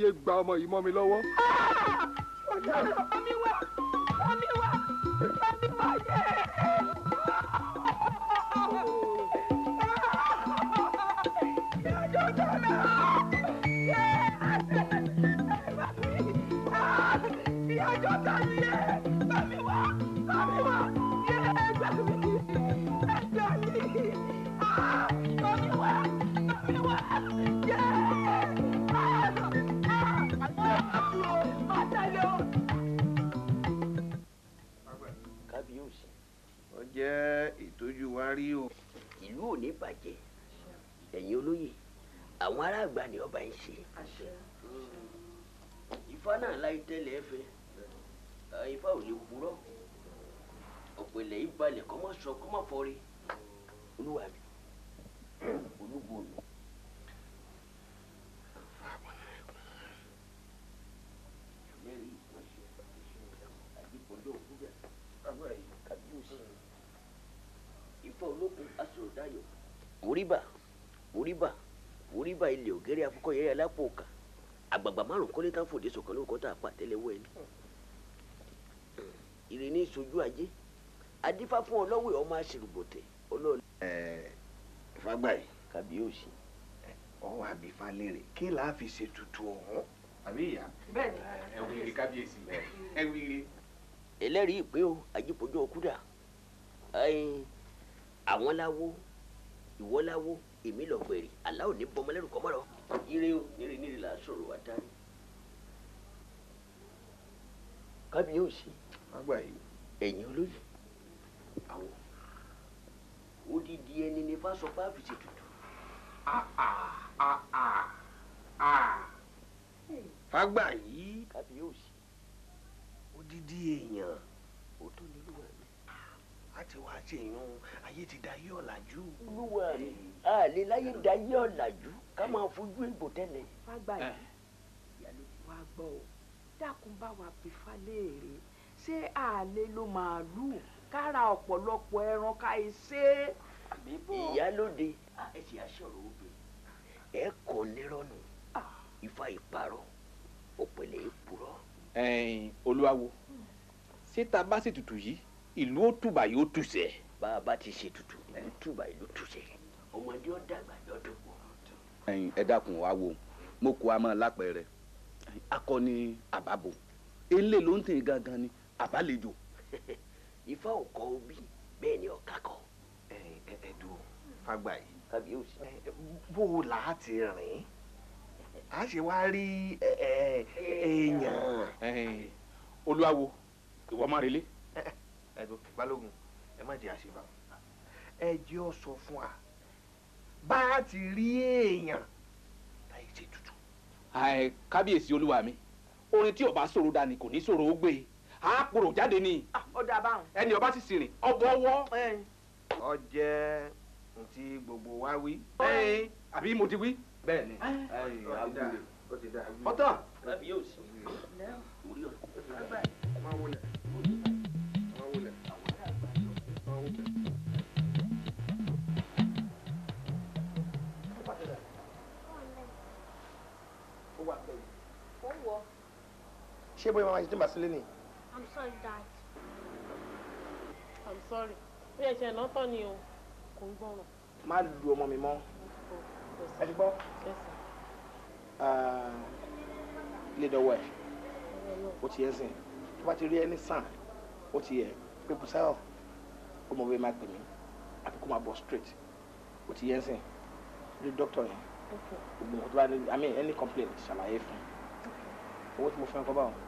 yé gba ọmọ yìí mọ́ mi lọ́wọ́. Ah! ọmọ mi wá ọmọ mi wá ọmọ ayọ̀ wòríbà wòríbà wòríbà ilẹ̀ ògèrè afọkọ yẹrẹ alápò òkà àgbààgbà márùn kọ́lé tá fòde sọ̀kan lóko tá a pa àtẹ́lẹwọ́ ẹni. ìrìnnì ìṣojú ajé adífá fún ọlọ́wẹ̀ ọmọ àṣìrùbọ̀tẹ̀ ọlọ́ọ̀lẹ́. ẹ fagbáyé kàbíyèsí ọwọ́ àbífá léèrè kí là á fi ṣe tutù ọ̀hún. àbí ìyá ẹ wíire kábíyèsí ẹ wíire. ẹlẹ́rìí ìpín o ajípojú ọkúdà àwọn láwo ìwọ láwo èmi lọ̀gbẹ̀rì aláwọ̀ ní bọmọlẹ́rù kọ́mọ́rọ́ ire o ire níre là á sọ̀rọ̀ wá dárí. kábíyèsí ẹ̀yìn olóyè àwọn odidi ẹni ní fásọpá àfìsè tutù. fágbà yìí kábíyèsí odidi èèyàn ó tó ní tí wàá ṣe yún ayé ti da yé ọ̀làjú. olúwa mi a lè láyé da yé ọ̀làjú ká máa fojú ìbò tẹ́lẹ̀. wá gbà yìí eh. wá gbọ́ ọ dákun bá wa fi falẹ́ẹ̀rẹ́ ṣé àlè ló màálù kára ọ̀pọ̀lọpọ̀ ẹran ká e ẹ ṣe é. ìyálóde ẹ ti aṣọ́rọ̀ obì ẹ kò nírọ̀nù ah. ifá ìparọ́ òpèlè ìpurọ́. ẹ̀yin olúwawo hmm. ṣé tá a bá ṣètùtù yìí ìlú ó tùbà yóò tùsẹ̀. bá a bá ti ṣe tutù ìlú tùbà ìlú tùsẹ̀ ọmọdé ó dàgbà lọ́dọ̀ pọ̀. ẹ̀yin ẹ dákun wá wo mo kó a máa lápẹẹrẹ akọni àbábo elé ló ń tẹ̀ gangan ni àbálejò. ifá ò kọ obì bẹ́ẹ̀ ni ọ̀ka kọ. ẹ ẹ ẹ dùn fagba yìí. kábíyèsí. bó o là á ti rìn a ṣe wá rí èèyàn. olúwa wo ìwọ máa relé ẹ̀dùn balógun ẹ má jẹ́ àṣebà ẹ jẹ́ ọ sọ fún wa bá a ti rí èèyàn láì ṣe tutù. kábíyèsí olúwa mi orin tí ọba sọ̀rọ̀ dání kò ní sọ̀rọ̀ ó gbé e á kúrò jáde ni. ọ̀dà àbáhùn. ẹni ọba sì sìnrìn ọbọ ọwọ́. ọ jẹ́ ntí gbogbo wa wí. àbí mo ti wí. bẹ́ẹ̀ni ọtọ. ọtọ. ọtọ. ṣé bóyá màmá ṣe dín bàṣílẹ̀ i'm sorry dad. i'm sorry bí ẹ ṣe lọ́tọ̀ ni o kò ń gbọ́ràn. má lu Yes. mi mọ́ ẹ ti gbọ́ lè What you o ti What you? tó bá ti rí ẹni sàn o ti yẹ pé Bùsáyọ̀ ó mọ̀ wí máa pè straight What you saying? The doctor. Okay. i mean any complaint Shall I have? owó tí mo fẹ́ kọ́ báwọn.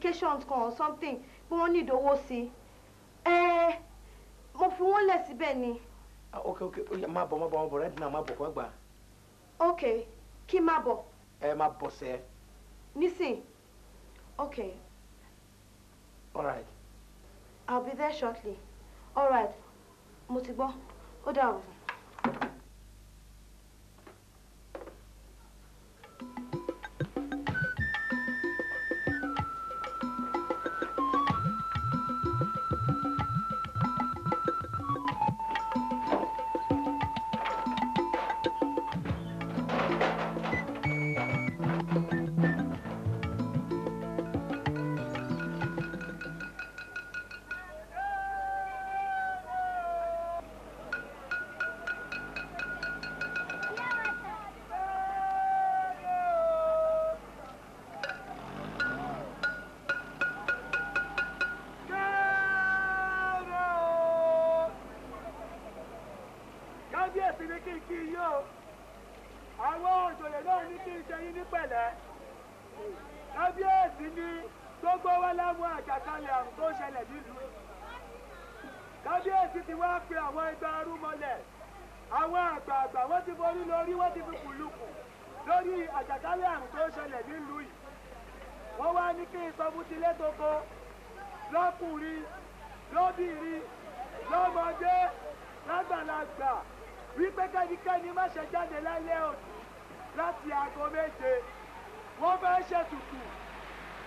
medications kan or something pé wọ́n ní ìdówó sí i mo fi wọ́n lẹ̀ síbẹ̀ ni. Ah, ok ok má bọ̀ má bọ̀ má bọ̀ rẹ́dí náà bọ̀ kó gbà. ok kí má bọ̀. ẹ má bọ̀ sẹ́. nísìn ok. all right. I'll be there shortly. all right mo ti gbọ́ ó dà o. gbogbo wa la mọ àjàkálẹ̀ àrùn tó ṣẹlẹ̀ nílùú kábíyèsí ti wá pe àwọn ẹgbẹ́ arúmọlẹ̀ àwọn àgbààgbà wọ́n ti forí lórí wọ́n ti fi kùlùkù lórí àjàkálẹ̀ àrùn tó ṣẹlẹ̀ nílùú yìí wọ́n wá ní kí n sọ fún tilé toko lọ́kùnrin lóbìnrin lọ́mọdé lágbàlagbà wípé kẹ́nikẹ́ni má ṣe jáde lálẹ́ òní láti aago méje wọ́n fẹ́ ṣètùtù.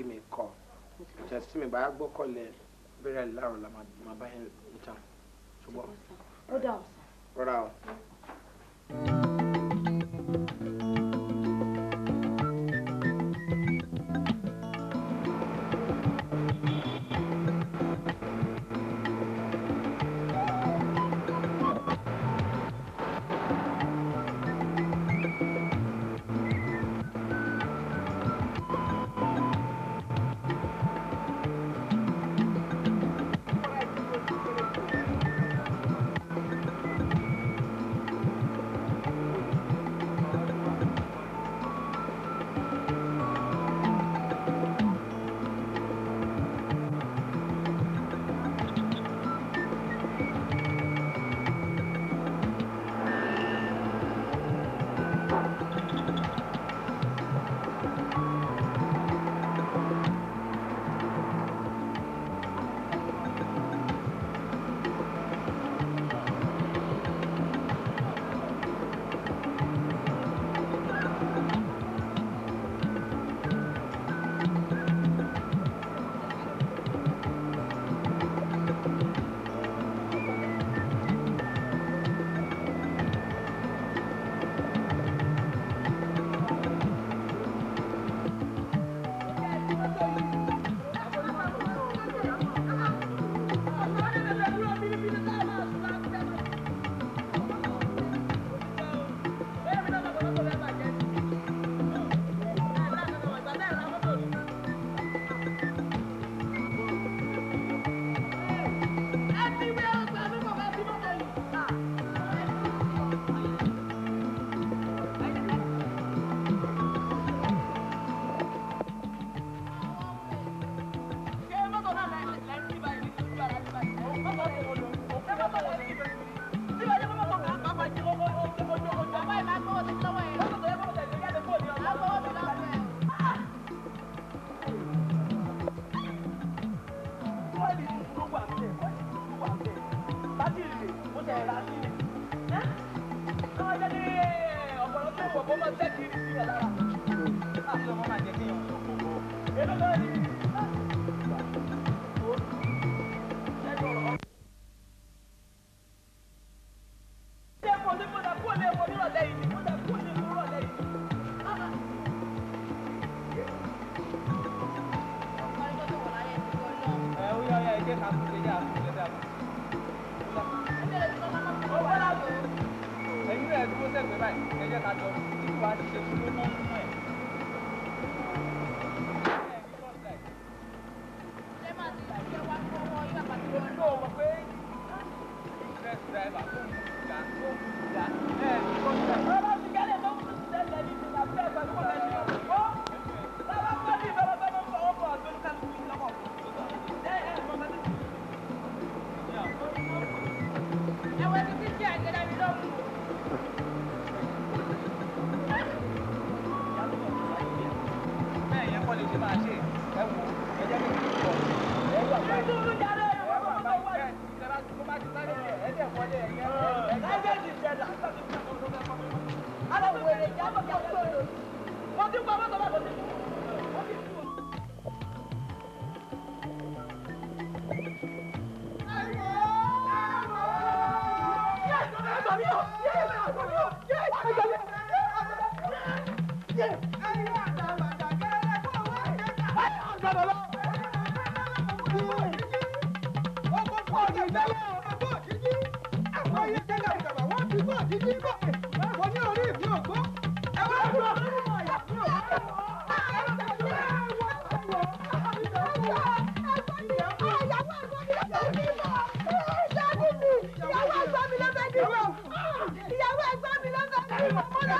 give me a call mi bá gbọ́kọ̀lẹ̀ bẹ̀rẹ̀ láàrún la máa bá yẹn níta ṣùgbọ́n. ó dà ọ̀sán. rọra o. Mm.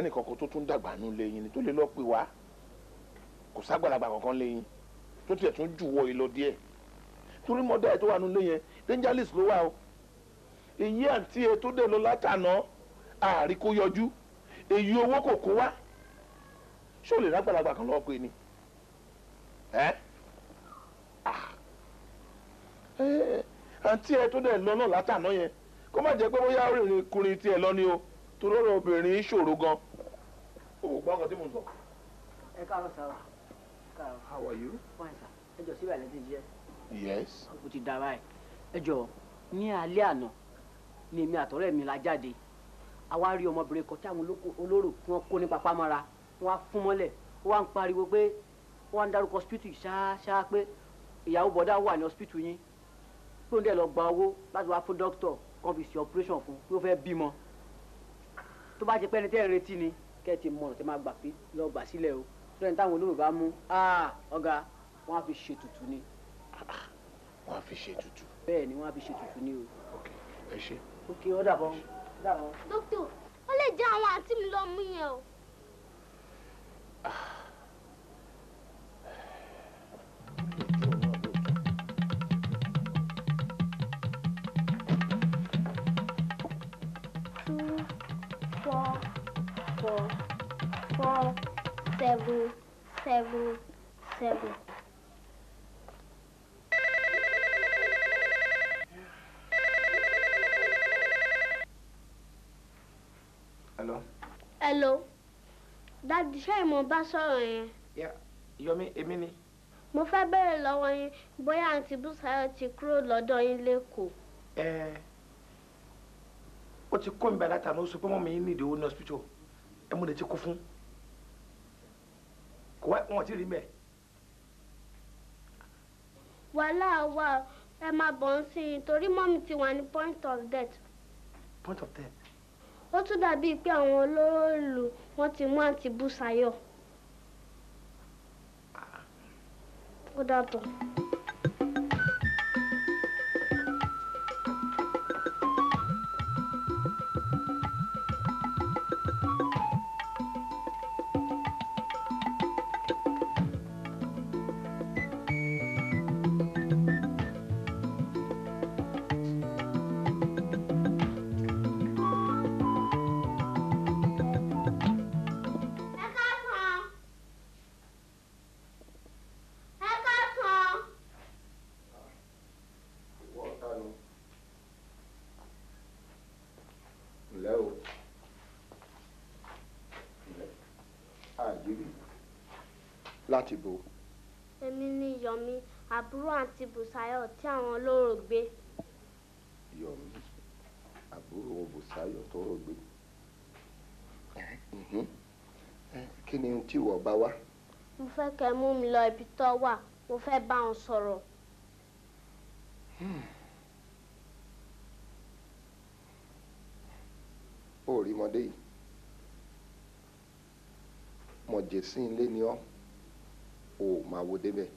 sẹ́nì kankan tó tún dàgbà nù lẹ́yìn ni tó lè lọ pè wá kò ságbàlagbà kankan lẹ́yìn tó tiẹ̀ tún jù wọ ìlọ díẹ̀ torí mọ́dà ẹ̀ tó wà nù lẹ́yìn dangerous ló wà o èyí àǹtí ẹ tó dẹ̀ lọ látànà ààrí kó yọjú èyí owó kò kó wá ṣé o lè rágbàlagbà kan lọ́ọ́ pè ni ẹ́ àǹtí ẹ tó dẹ̀ lọ náà látànà yẹn kó má jẹ́ pé bóyá rìnrìn kùnrin tiẹ̀ lọ ni o torí ọ̀rọ̀ obìnrin ṣòro gan-an o gbọ́ ọkọ tí mo sọ. ẹ káàárọ̀ sára káàárọ̀. how are you. fine sir ẹ jọ síbẹ̀ lẹ́tí jẹ́. yes. o ti dára ẹ ẹ jọ I'm here. àná ni èmi àtọ̀rẹ́ mi la jáde àwa rí ọmọbìnrin kan tí àwọn olóró I'm wọ́n kó ní papámọ́ra wọ́n á fún mọ́lẹ̀ wọ́n á ń pariwo pé I'm á ń dárúkọ hospital ṣáṣá pé ìyàwó bọ̀dá wà ní hospital yín pé òun dẹ̀ lọ gba owó láti wá fún dókítọ̀ kan fi ṣe operation fún pé ó fẹ́ bímọ tó bá jẹ́ pé ẹni tẹ́ ẹ̀ retí ni kẹ́ẹ̀tì mọ̀ràn tẹ́ máa gbà pé lọ gbà sílẹ̀ o lẹ́yìn táwọn olóró bá mú ọ̀gá wọ́n á fi ṣètùtù ni. wọ́n á fi ṣètùtù. bẹ́ẹ̀ ni wọ́n á fi ṣètùtù ni o. ok ẹ ṣe. ok ó dàbọ̀ ó dàbọ̀. dókítà ó lè jẹ́ àwọn àǹtí mi lọ mú yẹn o. Four four four seven seven seven. hello. hello dáàdì ṣé ìmọ̀ bá sọ̀rọ̀ yẹn. yọmi èmi ni. mo fẹ́ bẹ̀rẹ̀ lọ́wọ́ yín bóyá àǹtí bùsáyọ̀ ti kúrò lọ́dọ̀ yín lẹ́kọ̀ọ́. ẹ eh, ó ti kó mi bàlá tà ní pé mọ́mí yín nídìí owó ní hospital ẹ mú létí kú fún kò wá wọn ti rí mẹ. wàhálà wà ẹ máa bọ̀ ń sìn torí mọ́mì ti wà ní point of death. point of death. ó tún dàbíi pé àwọn olóòlù wọn ti mú àǹtí Bùsáyọ̀. Ah. ó dàbọ̀. àti Bùsáyọ̀ tí àwọn olóró gbé. Yọ̀mí àbúrò Bùsáyọ̀ tó rògbé mm-hmm. kí ni tí ìwọ bá wá. mo fẹ́ kẹ́ mú mi lọ ibi tó wà mo fẹ́ bá wọn sọ̀rọ̀. Hmm. ó rí mọdé yìí mọ̀jẹ̀sí ilé ni ọ́ ò máa wo débẹ̀.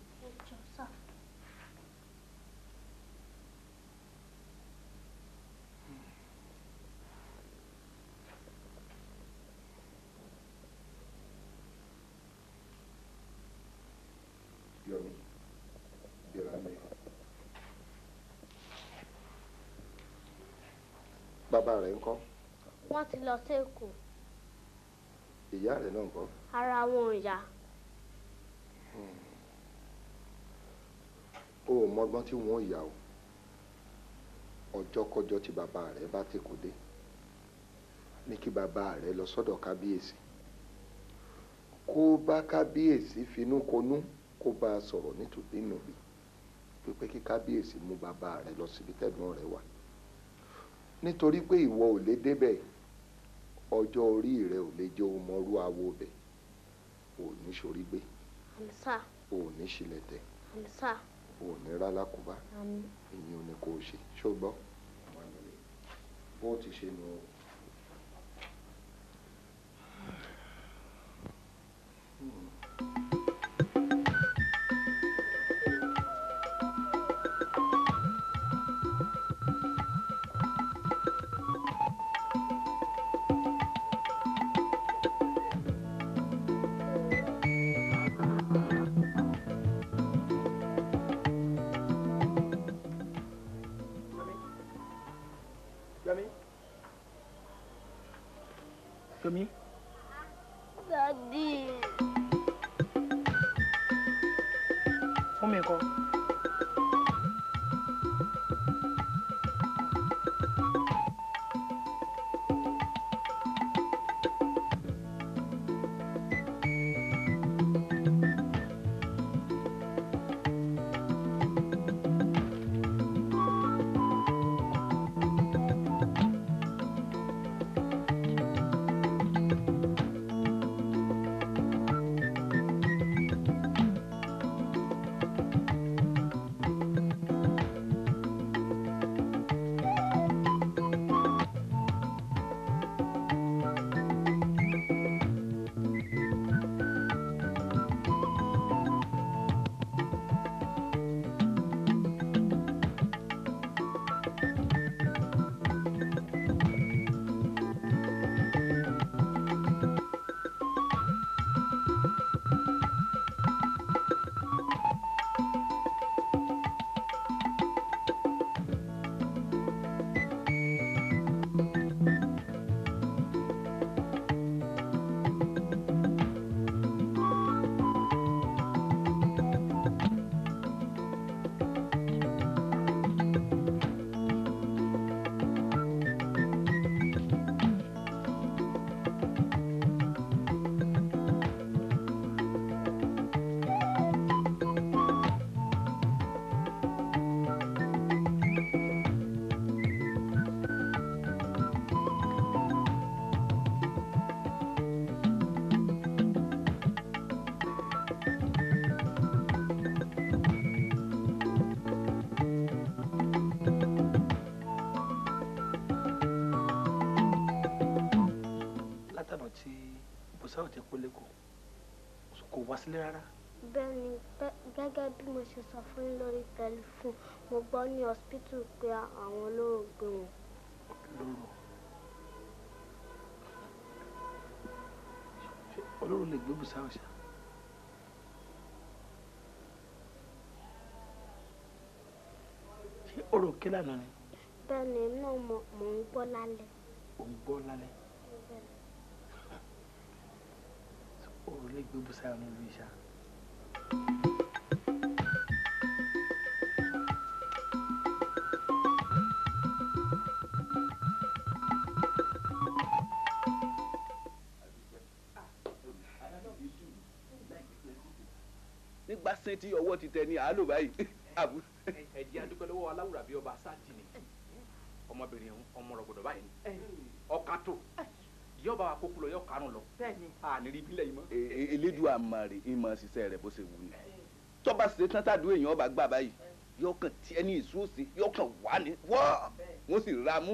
bàbá rẹ̀ ńkọ́. wọ́n ti lọ sí èkó. ìyá rẹ̀ náà ńkọ́. ara wọn ò yá. Hmm. o ò mọgbọ́n tí wọ́n yà o ọjọ́kọjọ́ tí bàbá rẹ̀ bá ti kò dé ní kí bàbá rẹ̀ lọ sọ́dọ̀ kábíyèsí kó bá kábíyèsí finúkonú kó bá a sọ̀rọ̀ nítòbínúbí pípé kí kábíyèsí mú bàbá rẹ̀ lọ síbi tẹ́gbọ́n rẹ̀ wà nítorí pé ìwọ ò lè débẹ̀ ọjọ́ orí rẹ ò lè jẹ́ òmọrú awo bẹ̀ ò ní sori gbé ò sílẹ̀ tẹ̀ ò ní rálá kúbá ìyẹn ò ní kó o ṣe ṣó gbọ́ bó o ti ṣe nù o. òòsà ò ti kó lẹ́kọ̀ọ́ kò wá sílé rárá. bẹ́ẹ̀ni gẹ́gẹ́ bí mo ṣe sọ fún yín lórí tẹlifóònù mo gbọ́ ní hospital pé àwọn olóògbé wọn. lóru olóru lè gbé bùsà ọ̀sà. ṣé orò kí lànà ni. bẹ́ẹ̀ni náà mo ń gbọ́ lálẹ́. ò ń gbọ́ lálẹ́. òrò lè gbé busáyọ̀ nílùú ìṣá. nígbà sétí ọwọ́ ti tẹ ní àálò báyìí. ẹ̀jẹ̀ adúpẹ́ lọ́wọ́ aláwùrà bíi ọba sáà tì ní ọmọbìnrin ọmọ rọ̀gbọ̀dọ̀ báyìí ọkà tó yóò bá wa kó kulọ yóò karùn lọ. bẹ́ẹ̀ni àníri ìbílẹ̀ yìí mọ́. E, e, elédùn àmàrè ìmọ̀ ṣiṣẹ́ rẹ̀ bó ṣe wù ní. tọ́ba ṣe tán tàdú èèyàn ọba gbà báyìí yóò kàn tiẹ́ ní ìṣú òsì yóò kàn wá ní wọ́ wọ́n sì ra mú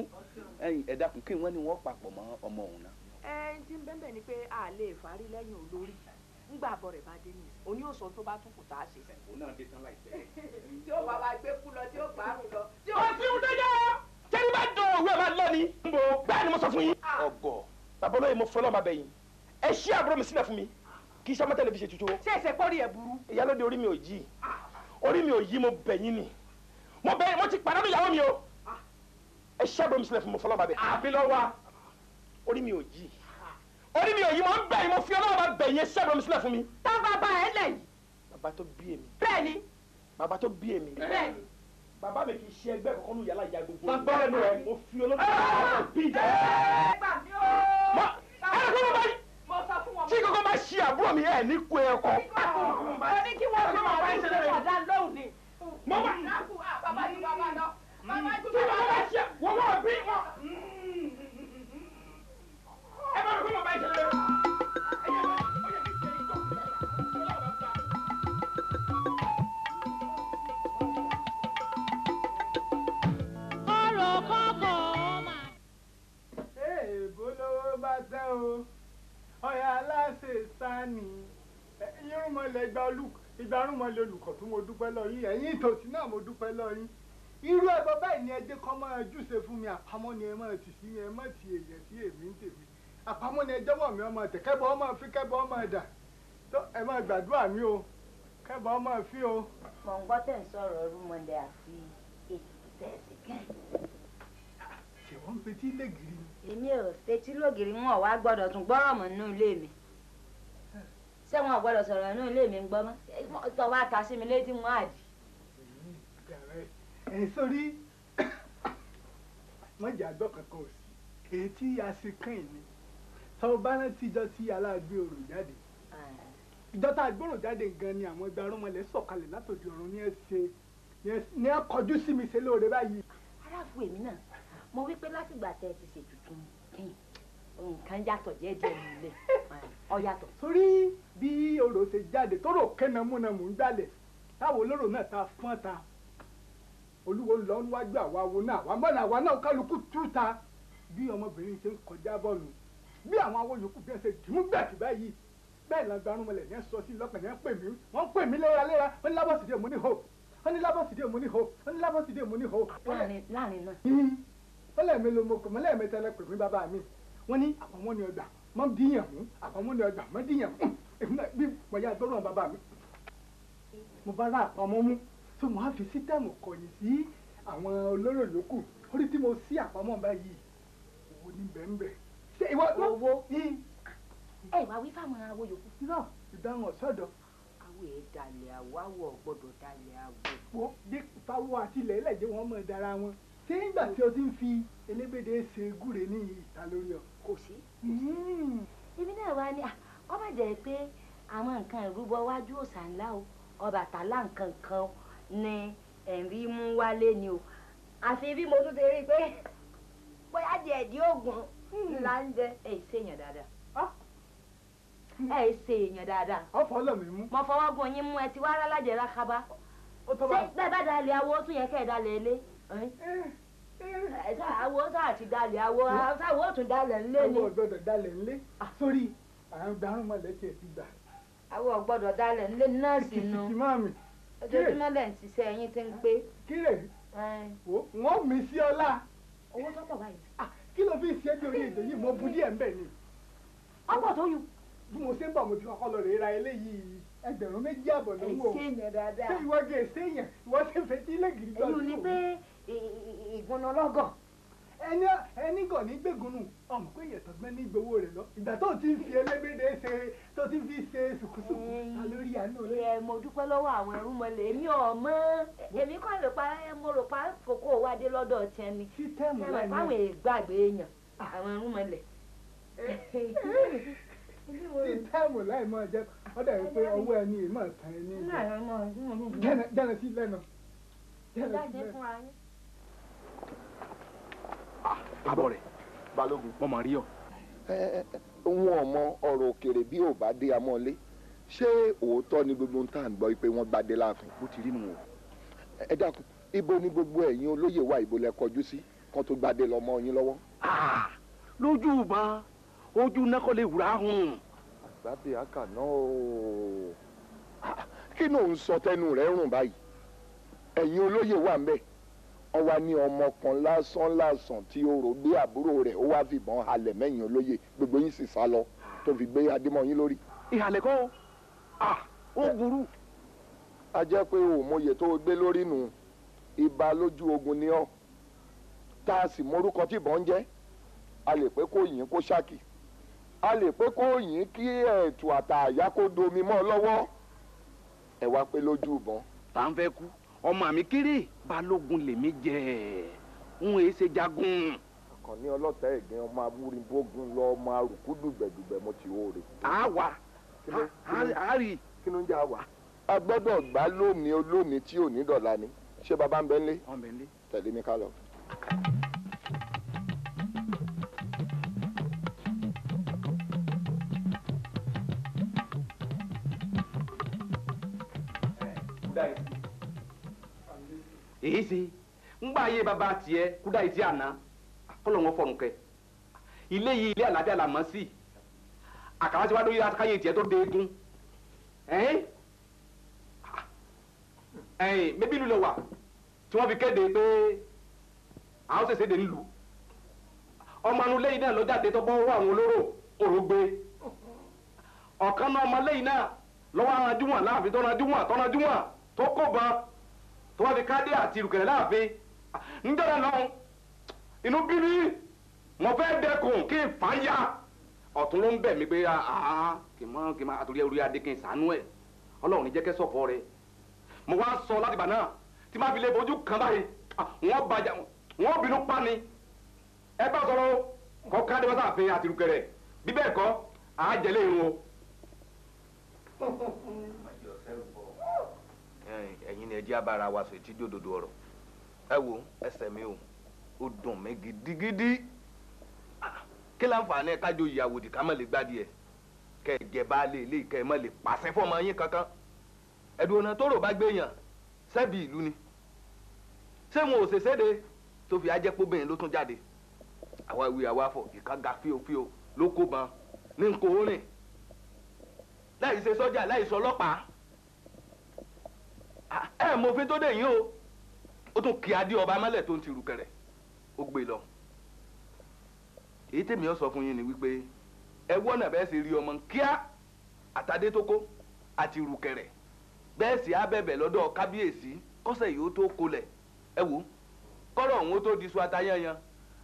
ẹ dákun kí wọ́n ní wọ́n papọ̀ mọ́ ọmọ òun náà. ẹ ẹ ti ń bẹ́ẹ̀ ni pé a lè fárí lẹ́yìn olórí ngbà àbọ̀ rẹ̀ bá dé ní òní ò sọ tó bá tún kù tá a ṣe. òun náà dé tán láìpẹ́. tí ó bá wa gbé kú lọ tí ó gbà á rùn lọ. ọtí ń tẹ́lifà dùn òwe máa lọ ni. bẹ́ẹ̀ ni mo sọ fún yín. Ah. ọgọ́ bàbá olóyè mo fọlọ́ ma bẹ̀yìn ẹ ṣí àbúrò mi sílẹ̀ fún mi kì í ṣe ọmọ tẹlifíṣẹ tuntun. ṣé ẹsẹ̀ pọ́ọ́rì ẹ̀ burú. ìyálóde orí mi ò yí orí mi ò yí mo bẹ̀yìn ni mo bẹ̀ mo ti pàdánù ìyàwó mi o ẹ ṣí àbúrò mi sílẹ̀ fún mi fọlọ́ ma bẹ̀. àbí lọ wa orí mi ò yí orí mi ò yí mo ń bẹ̀yìn mo fi ọlọ́wọ́ ma bẹ̀yìn ẹ ṣí àbúrò mi sílẹ̀ fún mi. tá bàbá ẹ lẹ̀ yìí. bàbá tó bí èmi. bẹ́ẹ̀ni. bàbá tó bí èmi. bẹ́ẹ̀ni bàbá mi kì í ṣe ẹgbẹ́ kọ̀ọ̀kan ní yàrá ìyá gbogbo. sagbara ni ẹ mo fi olóògbé bí ìjà ẹ. tí kankan bá ṣe ẹ ní kó ẹ mo ní kí wọ́n fi mọ̀ wá ìṣẹ̀lẹ̀ padà lóhùn ni. mo bá bàbá ju bàbá lọ. tí kankan ṣe wọ́n ẹ bá mi kó mọ̀ bá ìṣẹ̀lẹ̀ lọ. o ọ̀yà aláṣẹ sani irúnmọlẹ̀ ìgbà irúnmọlẹ̀ olùkọ́ tí mo dúpẹ́ lọ yín ìtòsí náà mo dúpẹ́ lọ irú ẹbọ báyìí ni ẹjẹ kọ́ máa júṣe fún mi àpamọ́ ni ẹ máa tì sí ẹ má ti èèyàn sí èmi ń tèmi àpamọ́ ni ẹjọ́ mọ̀ mi ọmọ tẹ̀ kẹ́bọ ọmọ fi kẹ́bọ ọmọ dà tó ẹ máa gbàdúrà mi o kẹ́bọ ọmọ fi o. mọ̀ ń gbọ́ tẹ̀ ń sọ̀rọ̀ irúnmọlẹ̀ àti ètùtù tẹ̀ sí kẹ́ wọ́n ń fetí lẹ́gìrì. èmi ò fetí lọ́gìrì wọn ò wá gbọ́dọ̀ tún gbọ́rọ̀ mọ́ nínú ilé mi ṣé wọn ò gbọ́dọ̀ sọ̀rọ̀ nínú ilé mi ń gbọ́ mọ́ tó bá ta sí mi létí wọn àdì. ẹ sórí mọ̀jà gbọ́ kankan òsì èyí tí a ṣe kàn ní tọ́ bá rántí ijọ́ tí aláàgbé òrò jáde ìjọ tá a gbòòrò jáde gan ni àwọn ẹgbẹ́ arúmọlẹ̀ sọ̀kalẹ̀ látòdì ọ̀run ní ẹ̀ ṣe ní ẹ̀ kọjú sí mi ṣe lóore báyìí. aráàfù èmi náà mo wí pé látìgbà tẹ ẹ ti ṣètùtù hmm, nǹkan yàtọ̀ jẹ́jẹ́ nílé ọ yàtọ̀. torí bí orò ṣe jáde tóró kẹnamúnamù ń jalẹ̀ táwọn olóró náà ta fọ́n ta olúwo ń lọ níwájú àwa wo náà àwa mọ́nà àwa náà kálukú tú ta bí ọmọbìnrin ṣe ń kọjá bọ́ọ̀lù bí àwọn awo yòókù bí ẹ ṣe dùn gbàtí báyìí bẹ́ẹ̀ la gbarun mọ̀lẹ̀ ní ẹ sọ sí lọ́pẹ̀ ní ẹ pè mí wọ́n pè mí léraléra wọ́n ní lábọ̀sídẹ̀ mo ho wọ́n ní lábọ̀sídẹ̀ mo ho wọ́n ní lábọ̀sídẹ̀ mo ho. láàrin láàrin náà hmm ẹlẹ́ẹ̀mí ló mokò mọ́ lẹ́ẹ̀mí tẹ́lẹ̀ pè mí bàbá mi wọ́n ní àpamọ́ ni ọgbà mọ́ díyàn mú àpamọ́ ni ọgbà mọ́ díyàn mú bí bọ̀yá gbọ́dọ̀ bàbá mi. mo bá rà àpamọ́ mú tó mo á fi sítẹ́ẹ̀mù kọ̀yìn sí àwọn olóró yòókù orí tí mo sí àpamọ́ báyìí owó ní bẹ́ẹ̀ ṣe ìwọ owó ẹ wá wí fáwọn awo yòókù. irọ́ ìdáhùn ọ̀sọ́dọ̀. awo ẹ̀ dalẹ̀ àwọ̀ àwọ̀ gbọ́dọ̀ dalẹ̀ àwọ̀. dípò fáwọn àtìlẹ́yìn lẹ́jẹ̀ wọn mọ̀ ṣé ìgbà tí o ti ń fi elébèdè ṣe gúre ní ìta lórí ọ. kò sí. ibi hmm. náà wá ní ah, kọ́ má jẹ́ pé àwọn nǹkan ìrúbọ wájú òòṣà ńlá o Ọbàtálá nǹkan kan ni ẹ̀rí mú wálé ni o àfi bí mo tún ti rí i pé bóyá díẹ̀ dí oògùn hmm. ńlá ń jẹ ẹ̀ ṣèyàn dáadáa ẹ ṣe èèyàn dáadáa. ọfọ ọlọmọ mú. mo fọwọ́ gun yín mú ẹ ti wá rálá jẹ́ rákábá. ṣé bẹ́ẹ̀ bá dalẹ̀ awo ó tún yẹ kẹ́ ẹ̀ dalẹ̀ ilé àwọ̀ tá àti dalẹ̀ àwọ̀ táwọ̀ tún dalẹ̀ ńlé ni. àwọ̀ gbọ́dọ̀ dalẹ̀ ńlé ah, sórí àwọn darun mọ̀lẹ́ tiẹ̀ ti gbà. àwọ̀ gbọ́dọ̀ dalẹ̀ ńlé nọ́ọ̀sì nu ojoojúmọ́ lẹ̀ ń ṣiṣẹ́ ẹyin tí ń pé. kílè wọ́n mi sí ọlá. owó tó pọ̀ báyìí. Ah, kí ló fi ṣe bí orí èdè yìí mo bu díẹ̀ ń bẹ̀ ni. ọkọ̀ tó yù. bí mo ṣe ń bọ̀ mo ti kọ́kọ́ lọ rè ra eléyìí ẹgbẹ̀rún méjì àbọ̀ lówó ògùn náà lọ́gàn ẹni ẹni gàn ní gbẹ̀gùnù ọmọ pé ìyẹ̀tọ̀ gbẹ́ ní gbowó rẹ̀ lọ ìgbà tó ti fi elébédé ṣe tó ti fi ṣe sùkúsùkú lórí àánú rẹ̀. ẹ mo dúpẹ́ lọ́wọ́ àwọn ẹrú mọ́lẹ̀ èmi ọ̀mọ́ èmi kọ́ lè pa mo rò pa kókó wádé lọ́dọ̀ tiẹ̀ ni sísẹ́mù láì ní àwọn ìgbàgbé èèyàn àwọn ẹrú mọ́lẹ̀. sísẹ́mù láì máa jẹ́ ọ̀dà yìí pé ọwọ́ ẹni ì bábọ̀ rẹ̀ balógun mo mọ̀ rí ọ. wọn ò mọ ọ̀rọ̀ òkèrè bí ò bá dé amọ́lé ṣé òótọ́ ni gbogbo tá à ń gbọ́ pé wọ́n gbadé láàfin. bó ti rí nu o. ẹ dákun ibo ni gbogbo ẹ̀yin olóyè wa ìbò lẹ kọjú sí kán tó gbadé lọ́mọ yín lọ́wọ́. lójú ìbọn ojú nákọ́lé wúrà hùn. àgbàdì àkànná o kí ni òun sọ tẹnu rẹ̀ rùn báyìí ẹ̀yin olóyè wa ń bẹ́ẹ̀ wọ́n wá ní ọmọ kan lásán lásán tí ó rò bí àbúrò rẹ̀ ó wá fìbọn halẹ̀ mẹ́yìn olóye gbogbo yín sì sá lọ tó fi gbé adémọyín lórí. ìhàlẹ̀ kọ́ ah, ó burú. a jẹ́ pé òmòye tó gbé lórí nù ibà lójú ogun ni ọ́ tá a sì morúkọ tí ìbọn ń jẹ́ a lè pé kó yìn kó ṣáàkì a lè pé kó yìn kí ẹ̀tù àtàyà kó domi mọ́ ọ lọ́wọ́ ẹ̀ wá pé lójú ìbọn. tá à ń fẹ́ kú ọmọ mi kéré balógun lèmi jẹ́ ń èsè jagun. àkànní ọlọ́tà ẹ̀gẹ́ ọmọ awúrinbógun lọ ọmọ arùkúdùgbẹ̀dùgbẹ̀ mo ti hóore. a wà a rí. kí ló ń jẹ́ a wà. a gbọ́dọ̀ gbá lónìí olónìí tí ò ní dọ̀la ni ṣé baba ń bẹ ń lé. tẹ̀lé mi ká lọ. eeze mgbaye baba ati e kuda izi ana to lo won nke ile yi ile alafe ala mo si akawasi wadori ati kayi eti e to deegun ehn ehn mebilu lo wa ti won fi kede pe aoseese de nlu o ma nule ina lodi ate to bo owo awon oloro orogbe o ka ma o ma leina lo wa aradunwa laafi tonadunwa tonadunwa to k tó wá fi àti ìrùkẹ̀rẹ̀ láàfin níjọba náà inú bí mi mo fẹ́ dẹkùn kí n fà á yá ọ̀tún ló ń bẹ̀ mí pé àá kì í mọ́ kì í adé sànú ọlọ́run ní jẹ́kẹ́ sọ̀fọ́ rẹ mo wá sọ láti bà náà tí má fi lè kan báyìí wọ́n bàjá wọ́n bínú ẹ bá sọ̀rọ̀ kọ́ àti ìrùkẹ̀rẹ̀ kọ́ àá o. ni ẹjẹ abára wa sọ ètí dòdòdò ọ̀rọ̀ ẹ wo ẹsẹ̀ mi o ó dùn mí gidigidi kí láǹfààní kájọ ìyàwó dì ká má lè gbádìí ẹ kẹ ẹ jẹ baálé ilé ìkẹ ẹ má lè pàṣẹ fọmọ yín kankan ẹdùn ọ̀nà tó rò bá gbé yàn sẹ́bi ìlú ni ṣé wọn ò ṣe séde tó fi ajẹ́pọ̀bìnrin ló tún jáde àwa ìwé àwa fọ ìkága fíofío ló kó ban ní nǹkó rìn láì ṣe sọ́jà láì ṣe ọlọ́pàá ẹ mọ̀fin tó dé yín o ó tún kí adé ọba mọ́lẹ̀ tó ń ti rùkẹ̀rẹ̀ ó gbé e lọ. èyí tèmi ọ sọ fún yín ni wípé ẹ wọ́nà bẹ́ẹ̀ sì rí ọmọ kíá àtàdé tó kó àti rùkẹ̀rẹ̀ bẹ́ẹ̀ sì á bẹ̀bẹ̀ lọ́dọ̀ kábíyèsí kọ́sẹ̀ yìí ó tó kolẹ̀ ẹ wò kọ́rọ̀ òun ó tó di sùn atayanyan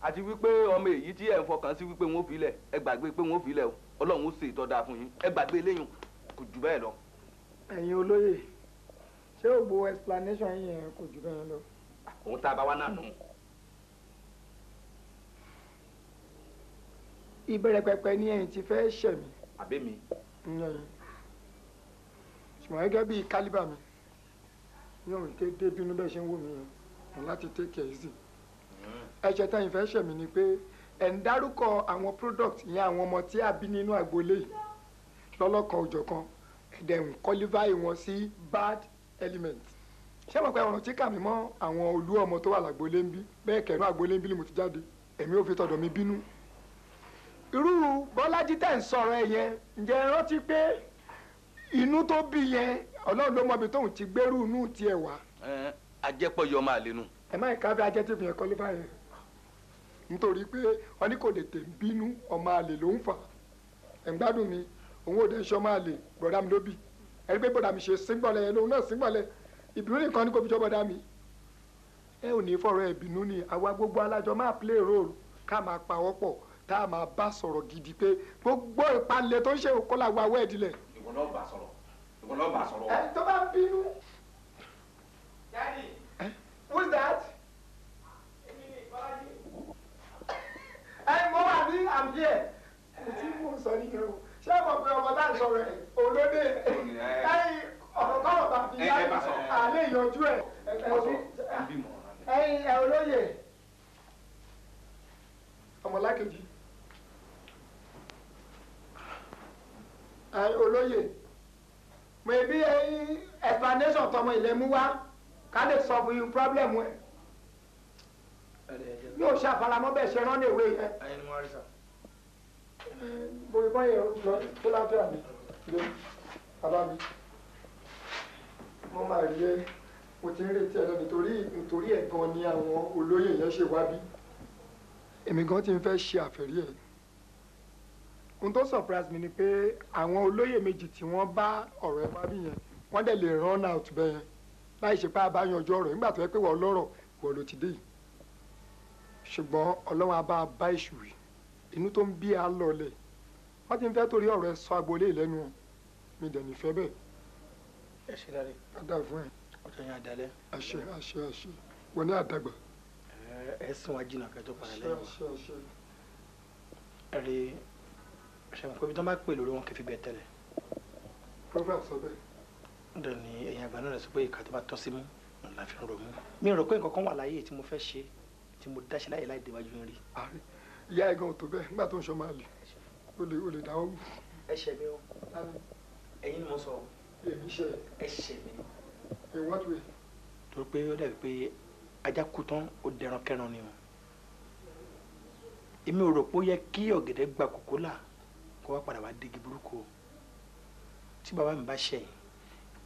àti wípé ọmọ èyí tí ẹ̀ ń fọkàn sí wípé wọ́n fi lẹ̀ ẹ gbàgbé pé wọ́n fi lẹ̀ o ọlọ́run ó ṣe ìtọ́da fún yín ẹ gbàgbé eléyìí kò jù bẹ́ẹ̀ lọ. ẹ̀yin olóyè ṣé ògbó explanation yẹn kò jù bẹ́ẹ̀ lọ. òun tá a bá wá náà nù. ìbẹ̀rẹ̀ pẹ̀pẹ̀ ni ẹ̀yin ti fẹ́ ṣẹ̀ mí. àbí mi. ṣùgbọ́n gẹ́gẹ́ bíi kálíbà mi yóò rí dédé bínú bẹ́ẹ̀ ṣe ń wò mí yẹn mo láti take care easy. Hmm. ẹ̀ṣẹ̀ tẹ̀yin fẹ́ ṣẹ̀ mí ni pé ẹ̀ ń dárúkọ àwọn product yẹn àwọn ọmọ tí a bí nínú agboolé lọ́lọ́kan òjọ̀kan ẹ̀dẹ̀ ń kọ́lífà wọn sí bad element ṣé mo pẹ́ ọ̀rọ̀ tí kà mí mọ́ àwọn olú ọmọ tó wà lágbolé ń bí bẹ́ẹ̀ kẹ̀rọ àgbolé ń bí ni mo ti jáde èmi ò fi tọ̀dọ̀ mi bínú. irú bọ́lájí tẹ̀ ń sọ̀rọ̀ ẹ̀ yẹn ǹjẹ́ ẹ rántí pé inú tó bí yẹn ọlọ́run ló mọbi tóun ti gbẹ́rù inú tiẹ̀ wá. ajẹ́pọ̀ yọ máa lẹ́nu. ẹ má ìka bí ajẹ́ tí ìbìyẹn kọ́ ló yẹn nítorí pé wọn ní kò lè tẹ̀ ń bínú ọmọ àlè ló ń fà ẹ̀ ń gbádùn mi òun ò ẹ̀rí pé bọ́dà mi ṣe síngbọ̀lẹ̀ ẹ̀ lòun náà síngbọ̀lẹ̀ ìbínú nìkan ní kò fi jọ bọ́dà mi ẹ ò ní fọ̀rọ̀ ìbínú ni àwa gbogbo alájọ máa play role ká máa pa wọ́n pọ̀ tá a máa bá sọ̀rọ̀ gidi pé gbogbo ìpalẹ̀ tó ń ṣe òkó làwọn awọ́ ẹ̀ dilẹ̀. ìwọ náà bá sọ̀rọ̀ ìwọ náà bá sọ̀rọ̀. ẹ tó bá bínú. Daddy, who's that? ẹ mo wà ní I'm here. kò tí mò ń sọ nìyẹn o ṣé ẹ mọ̀ ọmọ tá sọ̀rọ̀ ẹ̀. ilẹ̀ mú wá ká lè sọ fún yín pírọ́blẹ̀mù ẹ̀ mi ò ṣàfaramọ́ bẹ́ẹ̀ ṣe rán léwé yẹn. bóyá eh, báyẹn lọ tó láfẹ́ àmì lé bàbá mi mo máa rí ẹ mo ti ń retí ẹ nítorí nítorí ẹ gan ni àwọn olóyè yẹn ṣe wá bí èmi gan ti ń fẹ́ ṣe àfẹ́rí ẹ̀ ohun tó surprise mi ni pé àwọn olóyè méjì tí wọ́n bá ọ̀rọ̀ ẹ wá bí yẹn wọ́n dẹ̀ lè run out bẹ́ẹ̀ láì ṣe pé a bá yanjú ọ̀rọ̀ nígbà tó yẹ pé wọ́n lọ́rọ̀ wọ́n ló ti dé yìí ṣùgbọ́n ọlọ́run abá bá èṣù wí inú tó ń bí a lọlẹ̀ wọ́n ti ń fẹ́ torí ọ̀rọ̀ ẹ sọ agboolé lẹ́nu mi dẹ̀ nífẹ̀ẹ́ bẹ́ẹ̀. ẹ ṣe dáre. dáadáa fún ẹ. ọjọ́ yẹn àdálẹ́. àṣẹ àṣẹ àṣẹ wọn ní àdàgbà. ẹ sún wa jìnnà kẹjọ padà lẹ́yìn wa. ẹ rí ṣe mọ̀ pé ibi tí wọ́n bá pè lórí wọn kẹfì bẹ́ẹ̀ tẹ́lẹ̀. prọfẹ̀t sọ bẹ́ẹ̀ ọ̀dọ̀ ni ẹ̀yin àgbà náà lè sọ pé ìka tó bá tọ́ sí mú la fi ń ronú. mi rò pé nǹkan kan wà láyé tí mo fẹ́ ṣe tí mo dáṣe láyé láì déwájú yín rí. àrí ìyá ẹ̀gàn tó bẹ́ẹ̀ nígbà tó ń sọ máa lè o lè o lè dáwọ́ wù. ẹsẹ̀ mi o ẹ̀yin ni mo sọ ẹsẹ̀ mi. in what way. torí pé ó dàbí pé ajá kú tán ó dẹran kẹran ni o èmi ò rò pé ó yẹ kí ọ̀gẹ̀dẹ̀ gba kòkó là kó wá padà wá dégi burúkú tí bàbá mi bá ṣẹ̀yìn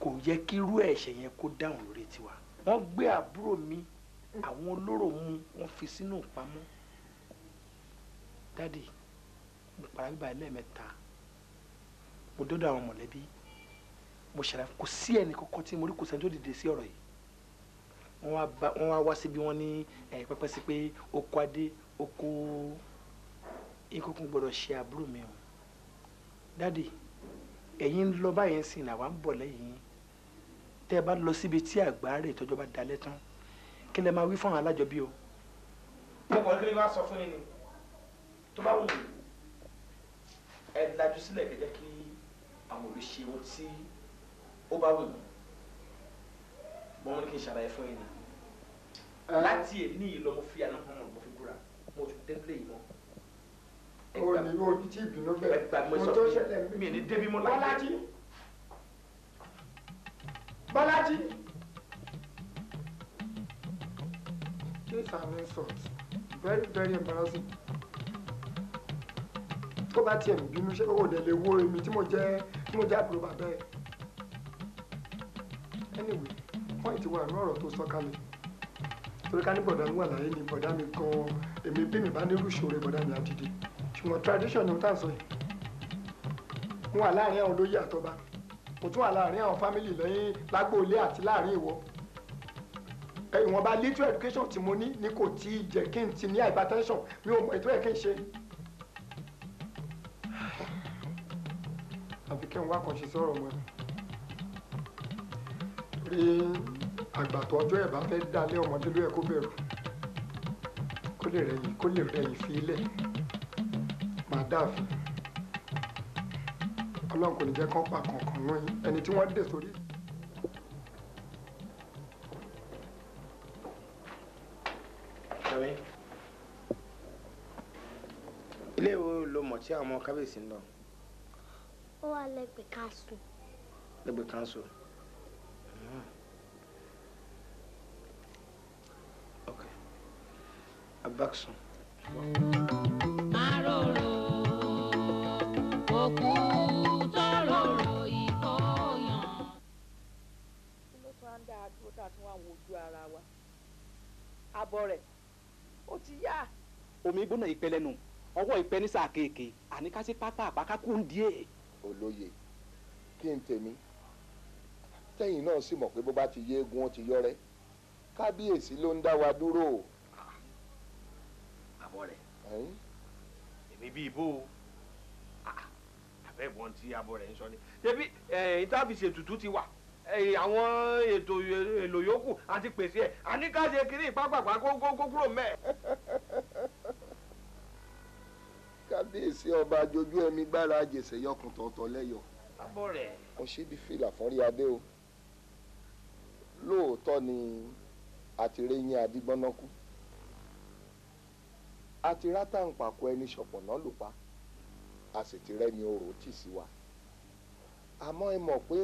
kò yẹ kí irú ẹ̀ṣẹ̀ yẹn kó dáhùn lórí tiwa wọ́n gbé àbúrò mi àwọn olóró mu wọ́n fi sínú ìpamọ́ dáàdì mo para bíbá ẹlẹ́ẹ̀mẹ́ta mo dọ́dọ̀ àwọn mọ̀lẹ́bí mo ṣàlàyé kò sí ẹnì kankan tí mo rí kò sẹ́ni tó dìde sí ọ̀rọ̀ yìí wọ́n wá wá síbi wọ́n ní pẹpẹ sí pé oko adé oko ikókun gbọ́dọ̀ ṣe àbúrò mi o dáàdì ẹ̀yin lọ báyẹn sìn làwa bọ̀ lẹ́yìn tẹ́ ẹ bá lọ síbi tí àgbáre ìtọ́jọ́ bá dalẹ̀ tán kí lẹ máa wí fún àwọn alájọbí o. mo kàn ń kí ni wọ́n sọ fún yín ni tó bá wù yín ẹ lajú sílẹ̀ kẹ́jẹ́ kí àwọn òrìṣẹ́ ohun tí ó bá wù yín mo ní kí n ṣàlàyé fún yín ni láti èmi ìlọ mo fi àná hàn mo fi búra mo tún délé yìí mọ́ o ní o ti bínú bẹ́ẹ̀ mo tó ṣẹlẹ̀ mi ní débi mo láti. Balaji, This is an insult. Very very embarrassing. Tó bá tiẹ̀ ń bínú ṣé kókò dẹ̀ lè wo èmi tí mo jẹ́ tí mo jẹ́ àbúrò bàbá ẹ̀. Anyway, point wa ní ọ̀rọ̀ tó sọ kalẹ̀. Torí ká ní bọ̀dá ń wà láyé ni bọ̀dá mi gan-an èmi bí mi bá ní irú ìṣòro bọ̀dá mi á dìde. Ṣùgbọ́n tradition ni mo tà ń sọ yìí. Mo wà láàárín àwọn olóyè àtọba kò tún wà láàrin àwọn fámìlì lẹ́yìn lágbóolé àti láàrin ìwọ ìwọ̀nba little education tí mo ní ni kò tí ì jẹ́ kí n ti ní hypertension mi ò mọ ètò ẹ̀ kí n ṣe. àfi kí n wá kàn ṣe sọ̀rọ̀ mọ́ ẹ. rí àgbàtọ̀ ọjọ́ ẹ̀ bá fẹ́ dálé ọmọdé ló yẹ kó bẹ̀rù kó lè rẹ̀yìn kó lè rẹ̀yìn fi ilẹ̀ màá dáàfin ọlọ́run kò ní jẹ́ kán pa kankan náà ẹni tí wọ́n dè sórí. ilé wo lo mọ̀ tí àwọn kábíyèsí ń lọ. ó wà lẹ́gbẹ̀ẹ́ kanṣu. lẹ́gbẹ̀ẹ́ kanṣu. Hmm. ok Maroro, Oku. tún wá wojú ara wa abọ́ rẹ̀ ó ti yá. omi gbóná ìpẹ́ lẹ́nu ọwọ́ ìpẹ́ ní sáà kéèké àní ká sí pápá àpákákú ń díẹ̀. olóye kí n tèmi tẹ́yìn náà sì mọ̀ pé bó bá ti yé egun ó ti yọrẹ kábíyèsí ló ń dá wa dúró. àbọ̀ rẹ̀ èmi bíi ibò àbẹ̀bọ̀n ah, tí abọ̀ rẹ̀ ń sọ ni ṣebí eh, ìtàbí ṣètùtù ti wà. Eh, àwọn ètò èlò yòókù àti pèsè ẹ̀ àníkàṣe kiri ìpápàpá kó kúrò mẹ́. kábíyèsí ọba àjọjú ẹni gbára àjèsè yọkùn tọ̀ọ̀tọ̀ lẹ́yọ̀. abọ́ rẹ̀. mo ṣí di fìlà fọ́nrí adé o lóòótọ́ ni àtìrẹ́yìn adigbọ́nà kú àti rátàǹpàkò ẹni ṣọ̀pọ̀nà ló pa a sì ti rẹ́ni orò tì sí wa àmọ́ ẹ mọ̀ pé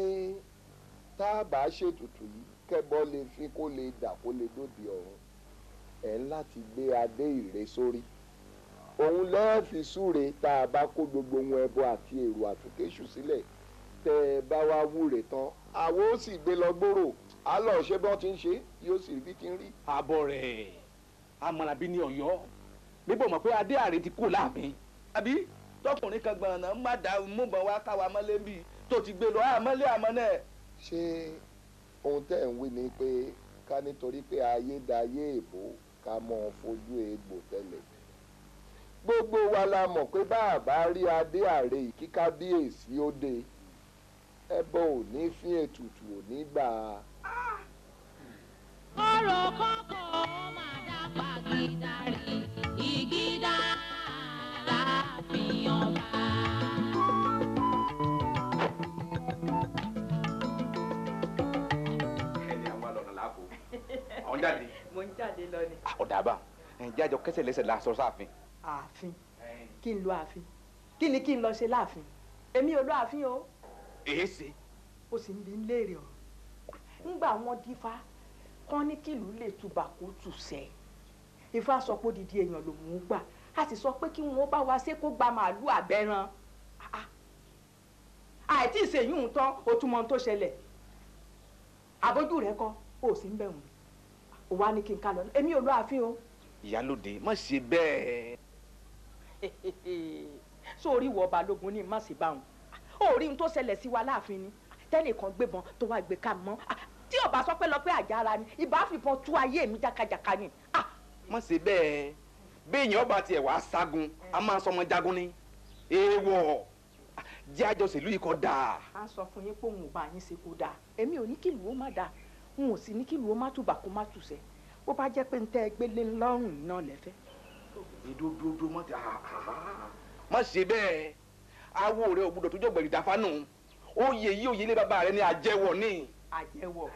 tá a bá ṣètùtù yìí kẹ́bọ lè fi kó lè dà kó lè dòde ọ̀run ẹ̀ ń láti gbé adé ìre sórí òun lẹ́ẹ̀ fi súre tá a bá kó gbogbo ohun ẹbọ àti èrò àtúnkéṣù sílẹ̀ tẹ́ ẹ bá wá wúre tán àwo sì gbé lọ gbòòrò á lọ ṣe bí wọ́n ti ń ṣe yóò sì rí bí ti ń rí. àbọ̀ rẹ̀ amọ̀nàbí ni ọ̀yọ́ bíbọ̀ mọ̀ pé adé àrè ti kú láàmì àbí tọkùnrin kan gbọ̀nà má dàá mú wá káwa mọ́lé bíi tó ti gbé lọ àmọ́lé àmọ́ náà ṣé ohun tẹ́ ẹ̀ ń wí ni pé ká nítorí pé ayédáyé èbó ká mọ̀ fojú egbò tẹ́lẹ̀ gbogbo wa la mọ̀ pé bá a bá rí adé àrè kí kábíyèsí ó dé ẹbọ ò ní fín ètùtù ò ní gbà á. ọ̀rọ̀ kọ́kọ́ ó máa dá pàgídà. mo ń jáde lọ ni. Ah, ọ̀dà bá ẹ̀ ń jájọ kẹsẹ̀ lẹ́sẹ̀ la sọ sáàfin. ààfin kí n lọ ààfin kí ni kí n lọ ṣe láàfin èmi ò lọ ààfin o. èé ṣe. ó sì ń bi ń léèrè o ńgbà wọn dífá kán ní kìlú lè tubà kó tù sẹ ifá sọ pé odidi èèyàn lòun ń gbà a sì sọ pé kí wọn bá wa ṣe kó gba màálù àbẹran ah, ah. àìtí ìṣèyún tán o túmọ̀ tó ṣẹlẹ̀ àbójú rẹ kọ́ o sì ń bẹ̀rù kò wá ní kí n ká lọ èmi ò lọ ààfin o. ìyálòde má ṣe bẹ́ẹ̀. sórí ìwọ balógun ni má ṣe bá wọn òórí ohun tó ṣẹlẹ̀ sí wa láàfin ni tẹ́nìkan gbébọn tó wá gbé ká mọ́ tí ọba sọ pé lọ pé àjàrà ni ìbá fìbọn tú ayé mi jákàjàkà ni. Ah! má ṣe bẹ́ẹ̀ béèyàn ọba tiẹ̀ wá ságun a máa sọmọ jagun ni èèwọ̀ jẹ́ àjọṣèlú yìí kọ́ dáa. a sọ fún yín pé òun ò bá yín ṣe kó dáa èmi ò ní kí ìlú ó má dáa n ò sì ní kí ìlú ó má tùbà kó má tùsẹ̀ bó bá jẹ́ pé ń tẹ́ gbélé lọ́rùn náà lẹ́fẹ́. èdè dúdú mọ́ ti má ṣe bẹ́ẹ̀ awo rẹ ò gbọdọ̀ tó jọ gbẹ̀rì dáfánù oyè yìí oyè ilé bàbá rẹ ni àjẹwọ̀ ni. àjẹwọ̀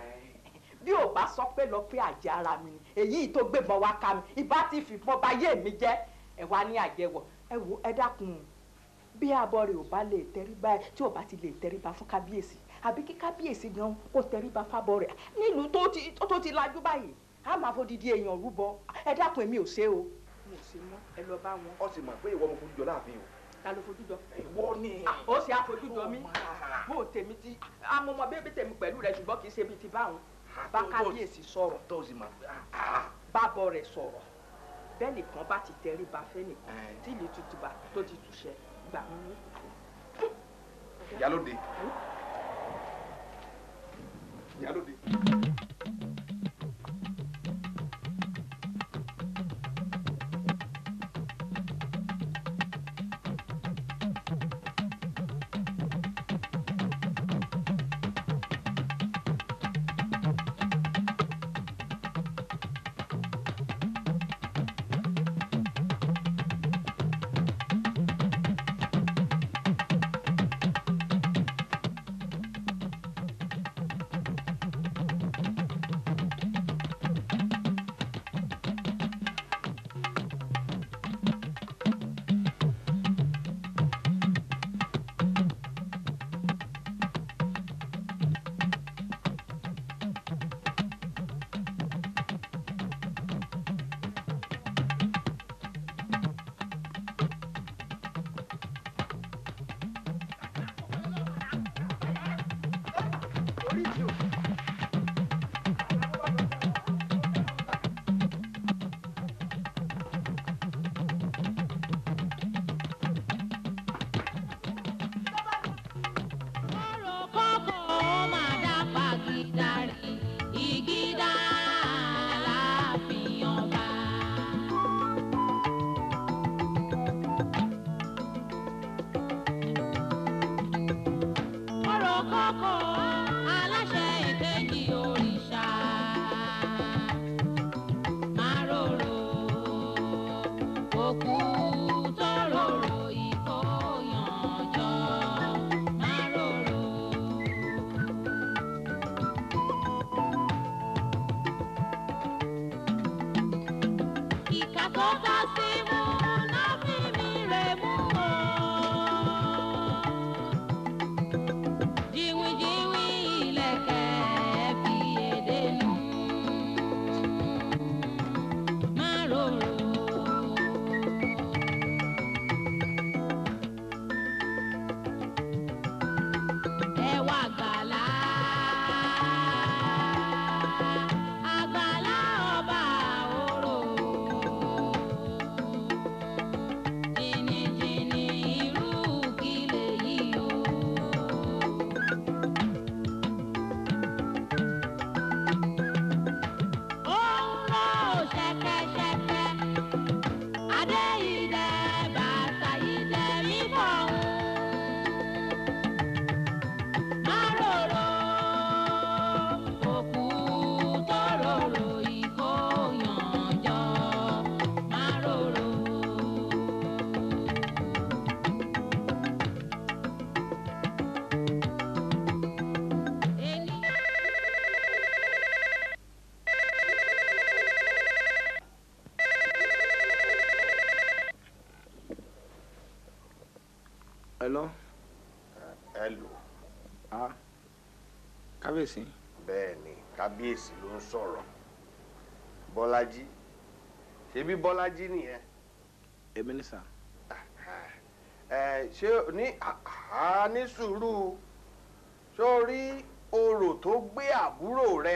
bí ò bá sọ pé lọ pé àjẹ ara mi ni èyí tó gbébọn wá ká mi ìbá ti fìbọn bà yé mi jẹ́ ẹ wá ní àjẹwọ̀ ẹ wò ẹ dákun bí abọ́ rẹ ò bá lè tẹríba tí ò bá ti lè tẹríba fún kábíyèsí àbí kí kábíyèsí gan kó tẹríba fábọ̀ rẹ̀ nílùú tó ti lajú báyìí a máa fọ didi èèyàn rúbọ ẹ dákun èmi ò ṣe o mi ò ṣe mọ ẹ lọ bá wọn. ọ sì mọ̀ pé ìwọ mo fojú jọ láàfin o. ta ló fojú jọ. ìwọ ni. Ah, ó ṣe àfojú jọ mi bó o tèmi ti amọmọ bébí tèmi pẹ̀lú rẹ ṣùgbọ́n kì í ṣe bíi ti báwọn ah, bá kábíyèsí sọ̀rọ̀ ah, bábọ̀ rẹ̀ sọ̀rọ̀ bẹ́ẹ̀ nìkan bá ti tẹrí ba fẹ́ nìkan eh. tí ìlú tuntun bá tó ti túṣẹ gbà. ìyálóde. Hmm? Quero dizer. kábíyèsí. bẹ́ẹ̀ni kábíyèsí ló ń sọ̀rọ̀ bọ́lájí ṣebí bọ́lájí nìyẹn. èmi ni sà. ẹ ṣé ní a ní sùúrù ṣó rí orò tó gbé àbúrò rẹ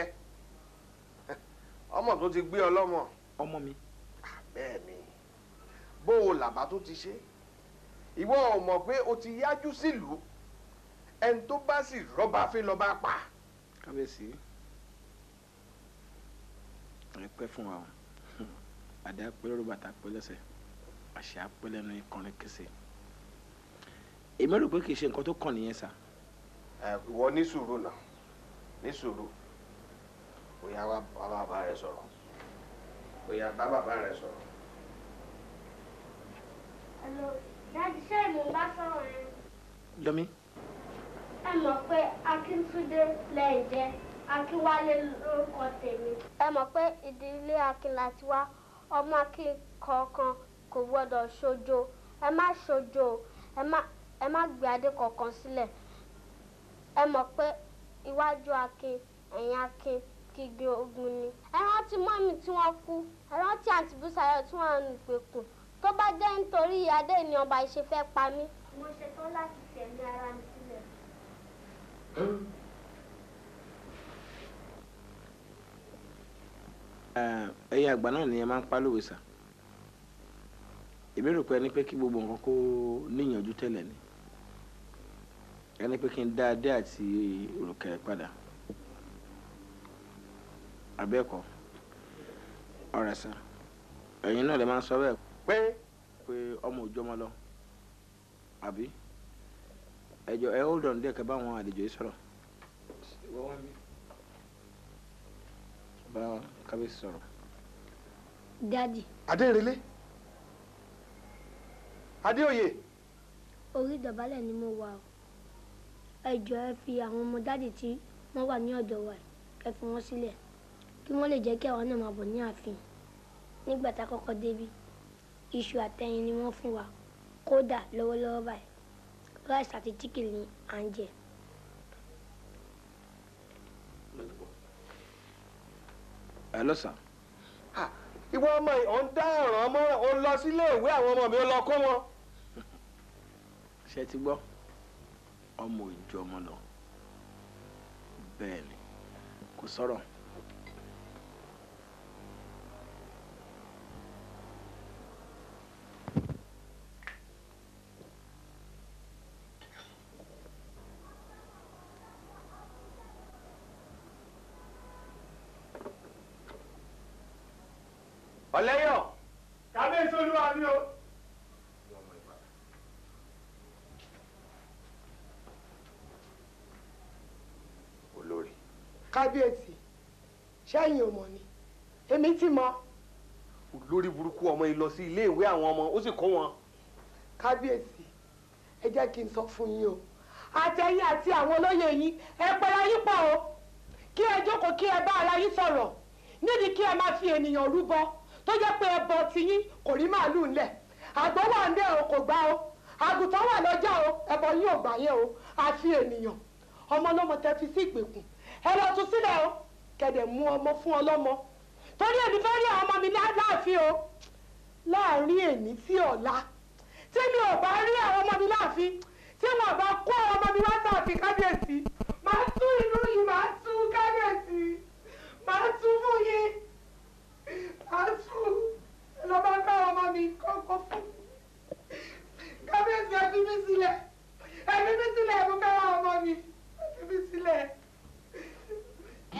ọmọ tó ti gbé ọlọ́mọ. ọmọ mi. bẹ́ẹ̀ni bó o làbá tó ti ṣe ìwọ ò pé o ti yájú sílùú ẹni tó bá sì rọ́bà fi lọ́ba pa kábíyèsí ẹ pẹ́ fún wa o àdá pẹ́ lórí bàtà pẹ́ lẹ́sẹ̀ àṣà pẹ́ lẹ́nu ìkànnì kẹsẹ̀ èmi rò pé kì í ṣe nǹkan tó kàn nìyẹn sà. ìwọ ní sùúrù náà ní sùúrù bóyá wá bá bàbá rẹ sọ̀rọ̀ bóyá bá bàbá rẹ sọ̀rọ̀. hello dájú sẹ́yìn mo bá sọ̀rọ̀ yẹn. yọmi ẹ mọ̀ pé akíntúndé lẹ́yìn jẹ́ akínwálé lórúkọ tèmi. ẹ mọ̀ pé ìdílé akin láti wá ọmọ akin kankan kò gbọ́dọ̀ ṣojo ẹ má ṣojo ẹ má gbé adé kankan sílẹ̀ ẹ mọ̀ pé iwájú akin ẹ̀yìn akin kígbe ogun ni. ẹ rántí mọ́mì tí wọ́n kú ẹ rántí àǹtí bùsàyọ̀ tí wọ́n ń ìpèkùn tó bá jẹ́ nítorí adé ni ọba ìṣe fẹ́ pa mí. mo ṣetán láti tẹ̀lé ara mi. ẹyẹ àgbà náà ni ẹ máa ń pa lówe sà èmi rò pé ẹni pé kí gbogbo nǹkan kó níyànjú tẹ́lẹ̀ ni ẹni pé kí n dá adé àti òrùka padà abẹ́ẹ̀kọ́ ọ̀rẹ́ sà ẹ̀yin náà lè máa ń sọ bẹ́ẹ̀ pé pé ọmọ òjò lọ àbí. ẹjọ ẹ eh, hold on díẹ̀ kẹ bá wọn àlejò yìí sọ̀rọ̀ bá kábíyèsí sọ̀rọ̀. dadi. adérelé adéoyè. orí ìdọ̀bálẹ̀ ni mo wà o ẹjọ ẹ fi àwọn ọmọ dádì tí wọ́n wà ní ọ̀dọ̀ wa ẹ fi wọ́n sílẹ̀ kí wọ́n lè jẹ́ kí àwa náà máa bọ̀ ní ààfin nígbà tá a kọ́kọ́ débi iṣu àtẹyin ni wọ́n fún wa kódà lọ́wọ́lọ́wọ́ báyìí rice àti chicken ni à ń jẹ. hello sir. Ah, ìwọ ọmọ yìí ò ń dá ọ̀ràn ọmọ ò ń lọ sílé ìwé àwọn ọmọ mi ò lọ kó wọn. ṣé ti gbọ́ ọmọ ìjọ ọmọ lọ bẹ́ẹ̀ ni kò sọ̀rọ̀. ọ̀lẹ́yọ̀. kábíyèsí olúwa mi o. olórí. kábíyèsí ṣẹ́yìn ò mọ̀ ni èmi ti mọ̀. olórí burúkú ọmọ yìí lọ sí iléèwé àwọn ọmọ ó sì kọ́ wọn. kábíyèsí ẹ jẹ́ kí n sọ fún yín o àtẹ̀yìn àti àwọn olóyè yín ẹ pẹ̀lú ayé pọ̀ o kí ẹ jókòó kí ẹ bá ara sọ̀rọ̀ nídìí kí ẹ máa fi ènìyàn rúbọ tó jẹ́ pé ẹbọ tiyín kò rí màálù ńlẹ̀ àgbo wà ńlẹ̀ o kò gbà o àgùntàn wà lọ́jà o ẹbọ yín ò gbà yẹn o àti ènìyàn ọmọ ọlọ́mọ tẹ fi sí ìgbèkùn ẹ lọ tún sílẹ̀ o kẹ̀dẹ̀ mú ọmọ fún ọlọ́mọ torí èmi fẹ́ rí àwọn ọmọ mi láàfin o láàrin èmi sí ọ̀la tí mi ò bá rí àwọn ọmọ mi láàfin tí wọn bá kó àwọn ọmọ mi wá sáàfin kábíyèsí màá tú ìlú yìí màá tú kábíyèsí màá tú fún yín àṣù ló bá bá ọmọ mi kọ́kọ́ fún kábíyèsí ẹbí mi sílẹ̀ ẹbí mi sílẹ̀ mo fẹ́ wá ọmọ mi ẹbí mi sílẹ̀.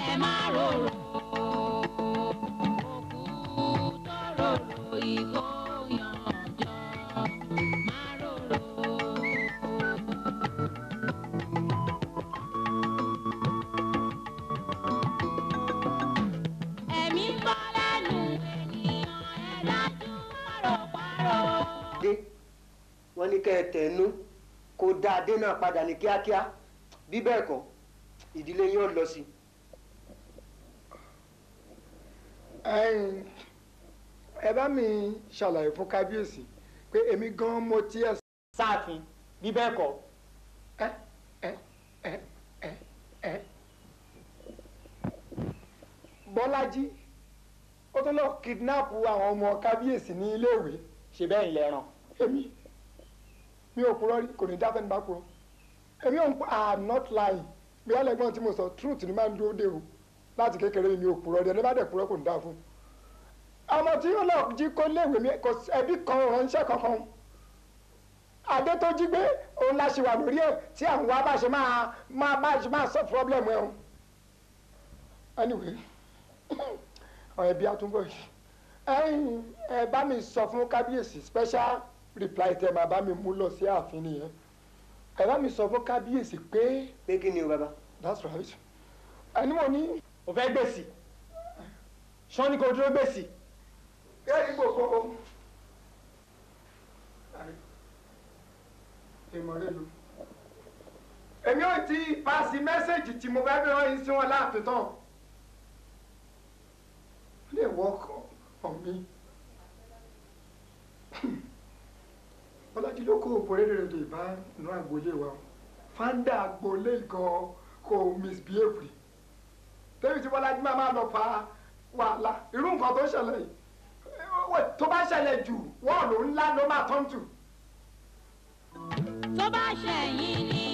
ẹ má rorò òkú tó rorò ìkọ́. wọ́n ní kẹ́ ẹ tẹ̀nu kó dá adé náà padà ní kíákíá bí bẹ́ẹ̀ kọ́ ìdílé yóò lọ sí. ẹ bá mi ṣàlàyé fún kábíyèsí pé èmi gan mo ti ẹ. sáàfin bí bẹ́ẹ̀ kọ́. ẹ ẹ ẹ ẹ ẹ bọ́lájí ó tún lọ kidnap àwọn ọmọ kábíyèsí ní iléèwé ṣe bẹ́ẹ̀ ń lẹ́ràn. èmi mi ò purọ́ rí kò ní dá fẹ́ni bá purọ́ èmi ò ń pa i'm not lying bí alẹ́gbọ́n tí mo sọ truth ni máa ń dúró dé o láti kékeré mi ò purọ́ rí ẹni bá dẹ̀ purọ́ kò ní dá fún ọmọ tí yóò lọ jí kó léèwé mi kò ẹbí kan ránṣẹ́ kankan adé tó jí gbé òun la ṣe wà lórí ẹ tí àwọn wa bá ṣe máa máa bá ṣe máa sọ problem ẹ o anyway ọ̀rẹ́ bí a tún bọ̀ yìí ẹ bá mi sọ fún kábíyèsí special reply tẹ máa bá mi mú lọ sí ààfin nìyẹn ẹ bá mi sọ fún kábíyèsí pé. pé kí ni o bàbá. that's right ẹni mo ní. o fẹ́ gbèsè ṣán ni kò dúró gbèsè. bẹ́ẹ̀ ni gbogbo o. èèmọ̀ rẹ lu. èmi ò ti paasi mẹ́sẹ̀gì tí mo fẹ́ fi hàn yín sí wọn láàfin tán. ó lè wọ́ọ̀kọ̀ ọ̀mí ọlọ́jì ló kó òpó rédèrèdè bá inú agboolé wa fanda agboolé gan kò misbehave débi tí bọ́lájú máa máa lọ fa wàhálà irú nǹkan tó ṣẹlẹ̀ yìí tó bá ṣẹlẹ̀ jù wọ́ọ̀lù ńlá ló máa tọ́ntù. tó bá ṣẹ̀yìn ni.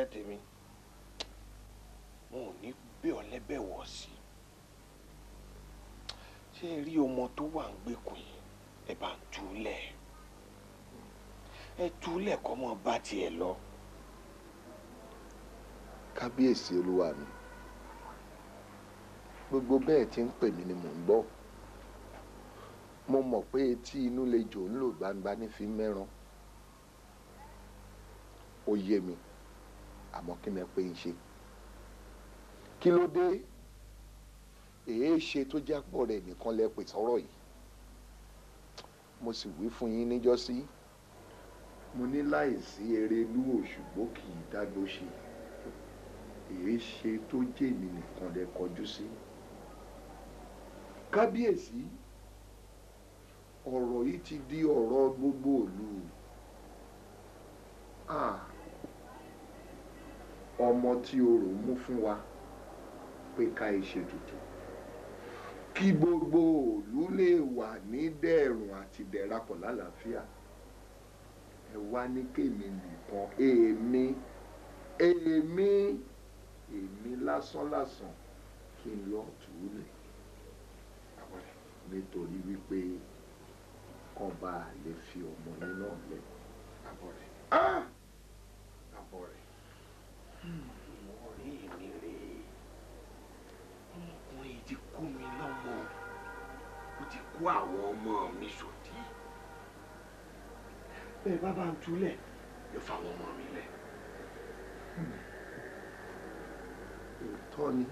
ọ̀rẹ́ tèmi wọn ò ní gbé ọ lẹ́bẹ̀ wọ̀ sí ṣé ẹ rí ọmọ tó wà ń gbèkùn yìí ẹ bá ń túlẹ̀ ẹ túlẹ̀ kọ́ mọ́ bá tiẹ̀ lọ. kábíyèsí olúwa mi gbogbo bẹ́ẹ̀ ti ń pè mí ni mò ń gbọ́ mo mọ̀ pé etí inú lejò ń lò gbangba ní fi mẹ́ran ó mi àmọ́ kí ni ẹ pé ń ṣe kí ló dé èé ṣe tó jápọ̀ rẹ̀ nìkan lẹ pè sọ́rọ̀ yìí mo sì wí fún yín níjọ́sí mo ní láìsí erelú òṣùgbó kì í dágbó ṣe èé ṣe tó jèmi nìkan lẹ kọjú sí kábíyèsí ọ̀rọ̀ yìí ti di ọ̀rọ̀ gbogbo ìlú ah ọmọ tí orò mú fún wa pé ká ìṣètùtù kí gbogbo òlú lè wà ní dẹ̀rùn àti dẹ̀rakọ̀ lálàáfíà ẹ wá ní kémi nìkan èmi èmi èmi lásánlásán kí n lọ tù ú nítorí wípé kọba lè fi ọmọ nínú ọ̀lẹ́. Ah! kó àwọn ọmọ mi sòdí bẹ́ẹ̀ bá bá ń túlẹ̀ yóò fáwọn ọmọ mi lẹ̀. òótọ́ ni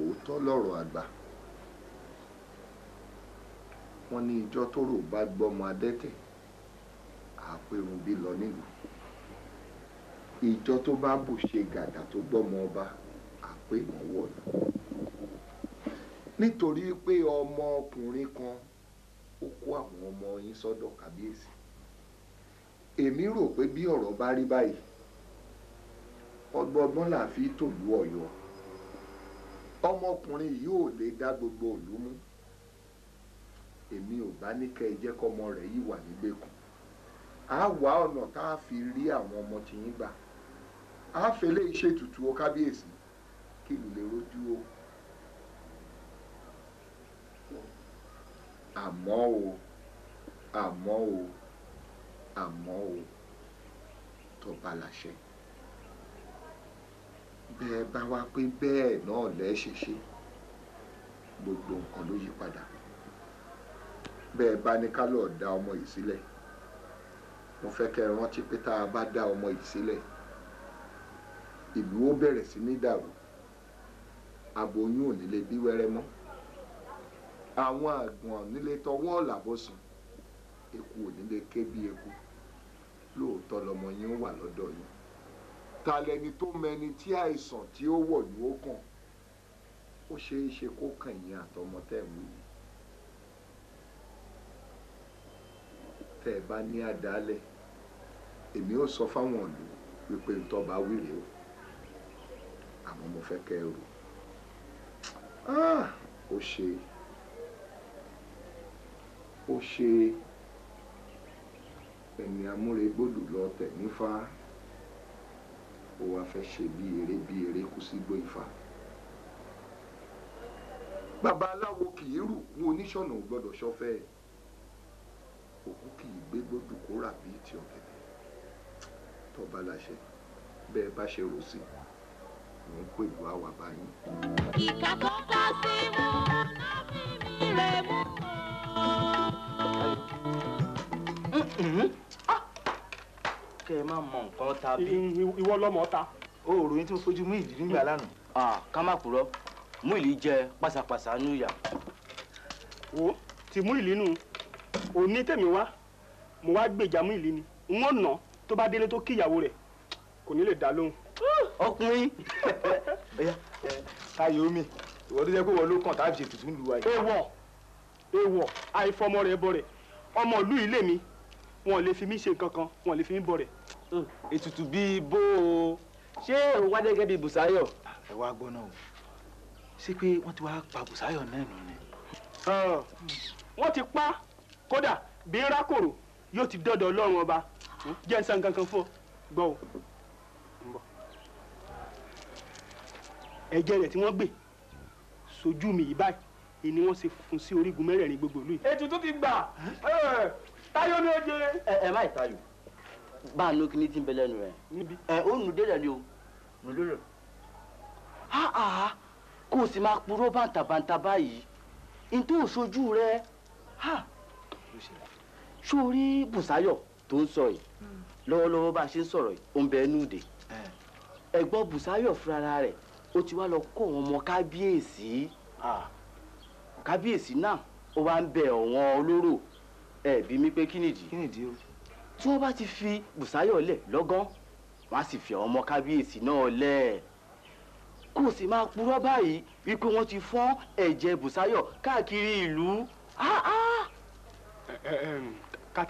òótọ́ lọ̀rọ̀ àgbà wọ́n ní ìjọ tóró bá gbọ́mọ adẹ́tẹ̀ àpérun bí lọ nílùú ìjọ tó bá bù ṣe gàdà tó gbọ́mọ ọba àpé ìmọ̀wọ́ ọ̀nà nítorí pé ọmọkùnrin kan ó kó àwọn ọmọ yín sọ́dọ̀ kábíyèsí èmi rò pé bí ọ̀rọ̀ bá rí báyìí ọgbọ́gbọ́n là fi tòlú ọ̀yọ́ ọmọkùnrin yìí ò lè dá gbogbo ìlú mú èmi ò bá ní kẹ́ ẹ jẹ́ kọ́mọ rẹ̀ yìí wà nígbèkùn á wá ọ̀nà tá a fi rí àwọn ọmọ tìyín gbà á fẹlẹ́ ṣètùtù o kábíyèsí kí n lè rojú o. àmọ́ o àmọ́ o àmọ́ o tó bá láṣẹ bẹ́ẹ̀ bá wá pé bẹ́ẹ̀ náà lẹ́ẹ̀ ṣe ṣe gbogbo nǹkan ló yí padà bẹ́ẹ̀ bá ní ká lọ́ọ́ da ọmọ yìí sílẹ̀ mo fẹ́ kẹ́ ẹ rántí pé tá a bá dá ọmọ yìí sílẹ̀ ìlú ó bẹ̀rẹ̀ sí ní dàrú aboyún ò ní lè bí wẹ́rẹ́ mọ́ àwọn àgbọ̀n nílé tọwọ́ ọ̀làbọ̀sùn eku ò nílé ké bí eku lóòótọ́ lọmọ yín wà lọ́dọ̀ yín ta lẹni tó mẹni tí àìsàn tí ó wọ̀ ní ó kàn ó ṣeé ṣe kó kàn yín àtọmọ tẹ́ ẹ̀ mú yìí tẹ́ ẹ bá ní àdálẹ̀ èmi ò sọ fáwọn ìlú wípé ntọ́ba wíre o àmọ́ mo fẹ́ kẹ́ ẹ rò ah! ó ṣe é ó ṣe ẹni amúregbòdù lọ tẹ̀ nífà ó wàá fẹ́ ṣe bí eré bí eré kú sígbó ifá babaláwo kì í rù kú oníṣọ̀nà ò gbọ́dọ̀ ṣọfẹ́ òkú kì í gbé gbódù kó rà bíi ti ọ̀gẹ̀dẹ̀ tọ́ba láṣẹ bẹ́ẹ̀ bá ṣe rò sí mò ń pèlú àwa báyìí. ìkà tó kọ sí mú láti mi rè mú. kẹ́ ẹ má mọ nǹkan ta bí. ìwọ lọmọ ta. oòrùn yìí tún fojú mú ìdí nígbà lánàá. ká má mú jẹ pàṣàpàṣà wo ti mú ìlí nù òní tèmi wá mo wá gbèjà mú ìlí ni n nà tó bá délé tó kíyàwó rẹ̀ kò ní lè dá lóhùn. ọkùnrin Táyọ̀mí ìwọ ló jẹ́ pé wọn ló kàn ṣètùtù ń lu wa yìí. àìfọmọ mi wọn ò lè fi mí ṣe nǹkan kan wọn ò lè fi mí bọ rẹ̀. Hmm, ètùtù bíi bó o ṣé òun wá gẹ́gẹ́ bíi Bùsáyọ̀. ẹ wá gbọ́ náà o ṣé pé wọ́n ti wá pa Bùsáyọ̀ náà nù ni. wọ́n ti pa kódà bí rákòrò yóò ti dọ́dọ̀ ọlọ́run ọba hmm, jẹ́ nsán kankan fún ọ gbọ́ o. ẹ̀jẹ̀ rẹ̀ tí wọ́n gbé sojú mi yìí báyìí ni wọ́n ṣe funfun sí orígun mẹ́rẹ̀ẹ̀rin gbogbo ìlú ètùtù ti gbà tayo ni oje eh mai tayo ba no kini tin bele nu eh eh o nu de le o nu de ha ha ah ko si ma puro banta banta bayi in tu soju re ha sori busayo to nso yi lowo lowo ba se nsoro yi o nbe nu de eh egbo busayo frara re o ti wa lo ko won mo kabiyesi ah kabiyesi na o wa nbe owon oloro ẹ bí mi pé kí nìdí. kí nìdí o. tí wọ́n bá ti fi Bùsáyọ̀ lẹ̀ lọ́gán wọ́n á sì fi ọmọ kábíyèsí náà lẹ̀ kò sì máa purọ́ báyìí wípé wọ́n ti fọ́n ẹ̀jẹ̀ Bùsáyọ̀ káàkiri ìlú.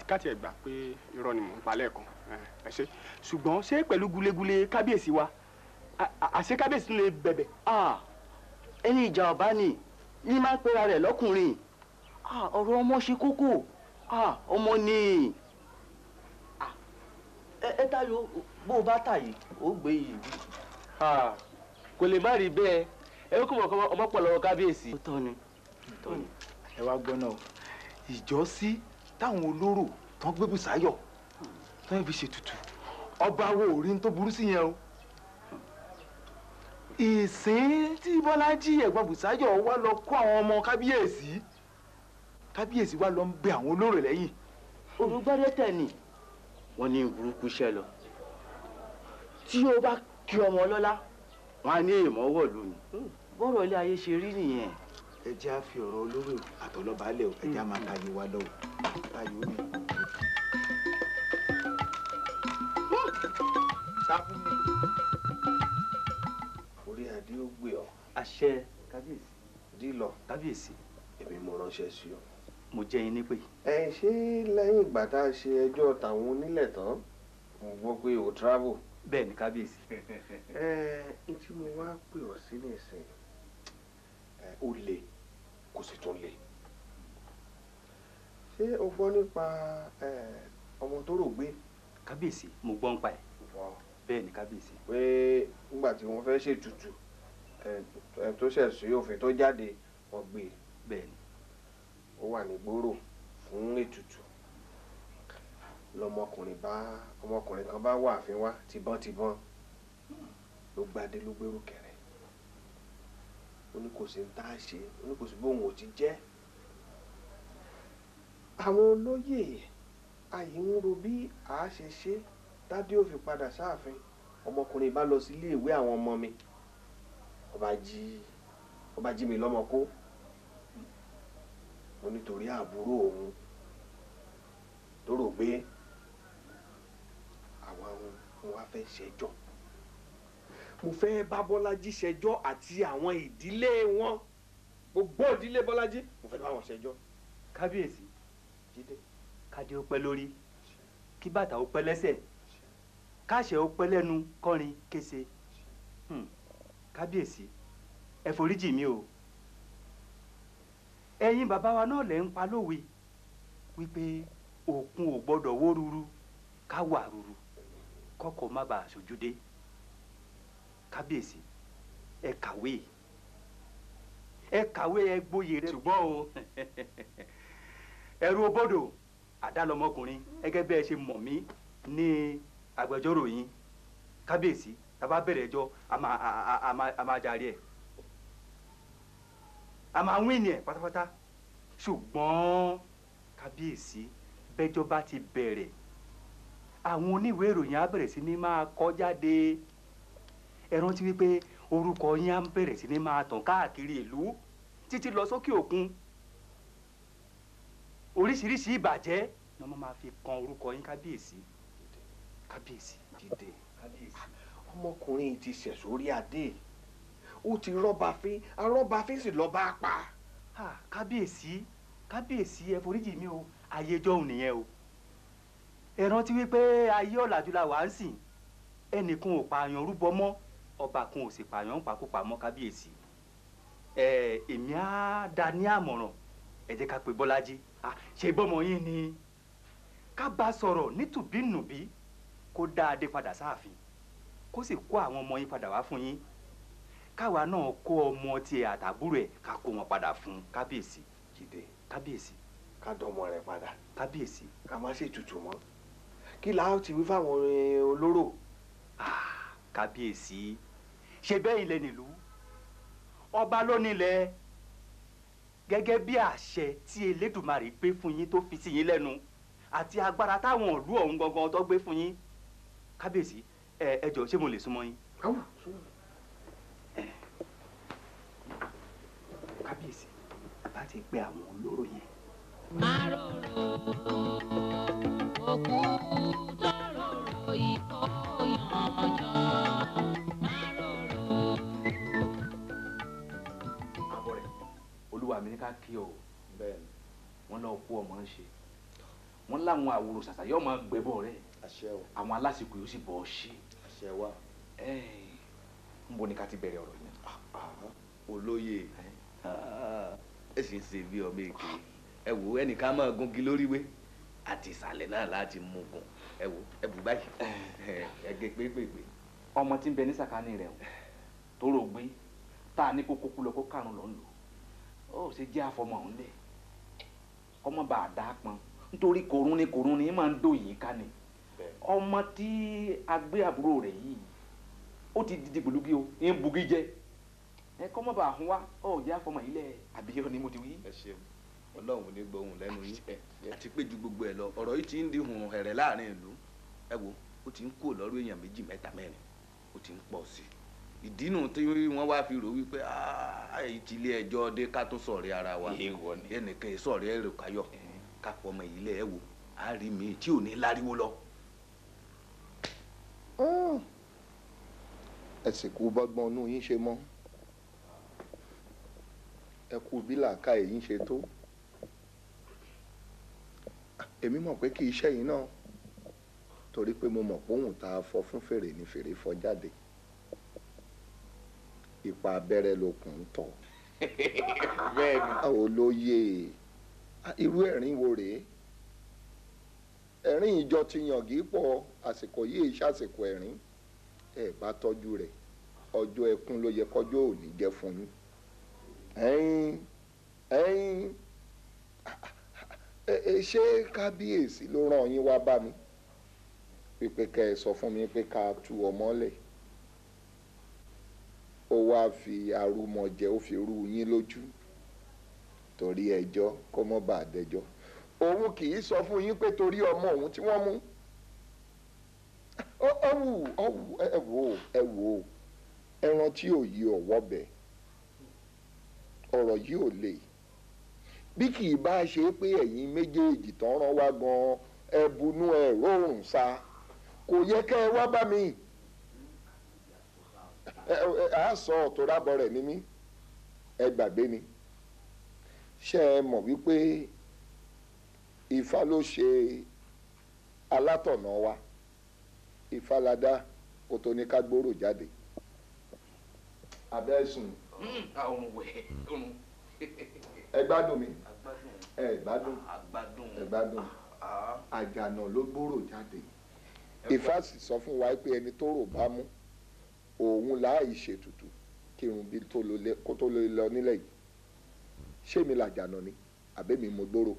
káti ẹ̀ gbà pé irọ́ ni mò ń palẹ̀ kan ẹ ṣe ṣùgbọ́n ṣé pẹ̀lú gulegule kábíyèsí wa àṣé kábíyèsí lè bẹ̀bẹ̀. ẹni ìjà ọ̀bá ni ní máa ń pera rẹ̀ lọ́kùnrin ọ̀rọ̀ ọmọ ṣe kókó ah ọmọ ni ah, ẹ tayo bó o bá tà yìí ó gbé yìí ah, kò lè má rí bẹ́ẹ̀ ẹ kò mọ̀ ọmọ pọ̀ lọ́wọ́ kábíyèsí. ó tọ́ ni tọ́ ni. ẹ wá gbọ́ náà ìjọ́sí táwọn olóró tán gbé Bùsáyọ̀ tán fi ṣètùtù ọba wo ò rí ní tó burú sí yẹn o ìsìn tí Bọ́lájí ẹ̀gbọ́n Bùsáyọ̀ wá lọ kó àwọn ọmọ kábíyèsí kábíyèsí wa lọ ń bẹ àwọn olóró lẹ́yìn. olùgbàdé tẹ̀ ni wọ́n ní burúkú iṣẹ́ lọ tí o bá kí ọmọ ọlọ́lá wọn á ní èèmọ̀ wọ̀ lónìí. Hmm, bọ́rọ̀ ilé ayé ṣe rí nìyẹn. ẹ jẹ́ á fi ọ̀rọ̀ olóró àtọ̀lọ́ba lẹ̀ o ẹ jẹ́ á máa báyìí wá lọ́wọ́ báyìí ó ní. sáfún mi orí adé ó gbé ọ. àṣẹ kábíyèsí. dílọ kábíyèsí èmi mo ránṣẹ́ sí ọ mo jẹ́ yín nípè. ẹ ṣé lẹ́yìn ìgbà tá a ṣe ẹjọ́ tàwọn onílẹ̀ tán mo gbọ́ pé o travel. bẹ́ẹ̀ ni kábíyèsí. ẹ ẹ tí mo wá pè ọ́ sí nìsín ó le kò sì tún le. ṣé o gbọ́ nípa ọmọ tó rò gbé. kábíyèsí mo gbọ́ ń pa ẹ̀. bẹ́ẹ̀ ni kábíyèsí. pé nígbà tí wọ́n fẹ́ ṣètùtù ẹ̀ tó ṣẹ̀ sí òfin tó jáde wọ́n e. bẹ́ẹ̀ ni ó wà ní gbòòrò fún ètùtù lọmọkùnrin bá ọmọkùnrin kan bá wà àfin wá tibọ́ntibọ́n ló gbadé ló gbèrú kẹrẹ ó ní kò sí ń tá a ṣe ó ní kò sí bóun ò ti jẹ́ àwọn olóyè àyè ń ro bí a ṣe ṣe tádé ò fi padà sáàfin ọmọkùnrin bá lọ sí iléèwé àwọn ọmọ mi ọba jí ọba jí mi lọ́mọ kó ó nítorí àbúrò òun tó rò pé àwa òun wá fẹ́ ṣẹjọ́ mo fẹ́ bá bọ́lájí ṣẹjọ́ àti àwọn ìdílé wọn gbogbo ìdílé bọ́lájí mo fẹ́ bá wọn ṣẹjọ́. kábíyèsí jíde kádé ó pẹ́ lórí kí bàtà ó pẹ́ lẹ́sẹ̀ káṣẹ ó pẹ́ lẹ́nu kọrin kése hmm. kábíyèsí ẹ foríjì mi o. ẹ̀yin bàbá wa náà lẹ̀ ń pa wípé òkun ò gbọ́dọ̀ wó ruru ká wà ruru kọ́kọ́ má bàa sojúdé kábíyèsí ẹ kàwé ẹ kàwé ẹ gboyè rẹ ṣùgbọ́n o ẹrú gẹ́gẹ́ bẹ́ẹ̀ ṣe mọ̀ mí ní agbẹjọ́rò yín kábíyèsí a máa wíìnì ẹ̀ pátápátá ṣùgbọ́n kábíyèsí bẹ́jọ́ bá ti bẹ̀rẹ̀ àwọn oníwèé ìròyìn á bẹ̀rẹ̀ sí ní máa kọ jáde ẹ rántí wípé orúkọ yín á bẹ̀rẹ̀ sí ní máa tàn káàkiri ìlú títí lọ sókè òkun oríṣiríṣi ìbàjẹ́ ni wọ́n máa fi kan orúkọ yín kábíyèsí kábíyèsí. dìde ọmọkùnrin ti ṣẹ̀ sórí adé ó ti rọ́bà fín arọ́bà fín sì lọ́ọ́ bá a pa. kábíyèsí kábíyèsí ẹ foríjì mi o ayé jọ̀hún nìyẹn o ẹ rántí wípé ayé ọ̀làjú la wà á ń sìn ẹnìkan ò pààyàn rúbọ mọ́ ọba kan ò sì pààyàn pàkópa mọ́ kábíyèsí ẹ èmi á dá ní àmọ̀ràn ẹ jẹ́ ká pe bọ́lájí ṣe bọ́mọ yín ni ká bá sọ̀rọ̀ nítùbínùbí kó dá adé padà sáàfin kó sì kó àwọn ọmọ yín padà wá fún yín káwa náà kó ọmọ tiẹ̀ àtàbúrò ẹ̀ ká kó wọn padà fún kábíyèsí jìde kábíyèsí. ká dọmọ rẹ padà. kábíyèsí. ká má ṣe tutù mọ́ kí la ti wí fáwọn e, olóró. kábíyèsí ṣe bẹ́ẹ̀ ilẹ̀ nílùú ọba ló nílẹ̀ gẹ́gẹ́ bí àṣẹ tí Elédùmarè gbé fún yín tó fi sí yín lẹ́nu àti agbára táwọn ìlú ọ̀hún gangan tó gbé fún yín kábíyèsí ẹ ẹ jọ̀ọ́ ṣé mo lè súnmọ́ yín. fi pé àwọn olóró yẹn. márùrù òkú tọrọ ìkó yànjọ márùrù. àbọ̀ rẹ̀ olúwa mi ní ká kí o bẹ́ẹ̀ni wọ́n lọ́ọ́ kó ọmọ ń ṣe wọ́n láwọn àwòrò ṣàṣà yóò máa gbẹ̀bọ rẹ̀ àwọn alásìkò yóò sì bọ̀ ọ́ ṣe. ń bo ni ká ti bẹ̀rẹ̀ ọ̀rọ̀ yẹn. olóye. Ah. ẹ sì ń ṣe bí ọmọ èké ẹ wò ẹnìkan máa gungi lórí wé àti ìsàlẹ̀ náà láti mú gun ẹ wò ẹ bù báyìí ẹ gé pépèpé. ọmọ tí ń bẹ ní sàkání rẹ o tó rò gbé tá a ní kó kókó lọ kó kàrún lọ ń lò ó ṣe jẹ́ àfọmọ́ ọ̀hún lẹ̀ kọ́mọ bá a dá pọn nítorí korun ni korun ni máa ń dò yìí ká ni ọmọ tí a gbé àbúrò rẹ̀ yìí ó ti di dìgbòlugi o ń bugi jẹ́. ẹ kọ́ mọ́ bá hun wá ọ̀ jẹ́ àfọmọ́ ilẹ̀ àbíyọ ni mo ti wí. ẹ ṣeun ọlọ́run ní gbóhùn lẹ́nu yín ẹ ti pé ju gbogbo ẹ lọ ọ̀rọ̀ yìí ti ń di hùn ẹ̀rẹ̀ láàrin ìlú ẹ wo ó ti ń kó lọ́rọ̀ èèyàn méjì mẹ́ta mẹ́rin ó ti ń pọ̀ sí i ìdínú tí wọ́n wá fi rò wípé ìtìlẹ̀ ẹjọ́ dé ká tó sọ̀rẹ́ ara wa ẹnìkan sọ̀rẹ́ ẹ̀rọ káyọ̀ ká fọmọ ìlẹ̀ ẹ wo á rí mi tí ò ní láriwo lọ. ẹ̀sìnkú bọ́gbọ́n inú yín ṣe mọ́ ẹ kú bí làákà èyí ń ṣe tó èmi mọ̀ pé kì í ṣẹ́yìn náà torí pé mo mọ̀ póhùn tá a fọ fún fèrè ní fèrè fọ jáde ipa abẹ́rẹ́ lókun ń tọ̀ bẹ́ẹ̀ni olóye irú ẹ̀rín wo rèé ẹ̀rín ìjọ ti yàngí pọ̀ àsìkò yìí ṣàsìkò ẹ̀rín ẹ̀ bá tọ́jú rẹ̀ ọjọ́ ẹkún ló yẹ kọjọ́ òní jẹ́ fún yín ẹ̀yin ẹ̀yin ṣé kábíyèsí ló rán yín wá bá mi pípé ká ẹ sọ fún mi pé ká tú ọmọ lẹ̀ ó wáá fi arúmọjẹ ó fi rú yín lójú torí ẹjọ́ kó mọ́ bàa dẹjọ́ òun kì í sọ fún yín pé torí ọmọ òun tí wọ́n mú ọwù ọwù ẹ wò ó ẹ wò ó ẹran tí ò yí ọwọ́ bẹ́ẹ̀. ọ̀rọ̀ yìí ò le bí kì í bá ṣe pé ẹ̀yin méjèèjì tán rán wá gan ẹ̀bùnú ẹ̀rọ òrùn sa kò yẹ kẹ́ ẹ wá bá mi a sọ ọ̀tọ̀ rábọ̀ rẹ̀ ní mí ẹ gbàgbé ni ṣé ẹ mọ̀ wípé Ifá ló ṣe alátọ̀nà wa Ifá la dá tó ní ká gbòòrò jáde abẹ́sùn. ọrùn mm. ah, wẹ̀ ọrùn. Mm. ẹ gbádùn mi ẹ gbádùn ẹ gbádùn ah, ah. àjànà ló gbòòrò jáde Ifá sì sọ fún wa pé ẹni tó rò bá mú òun láàyè ṣètùtù kí irun bí kó tó lè lọ nílẹ̀ yìí ṣé mi làjànà ni àbẹ́mi mo gbòòrò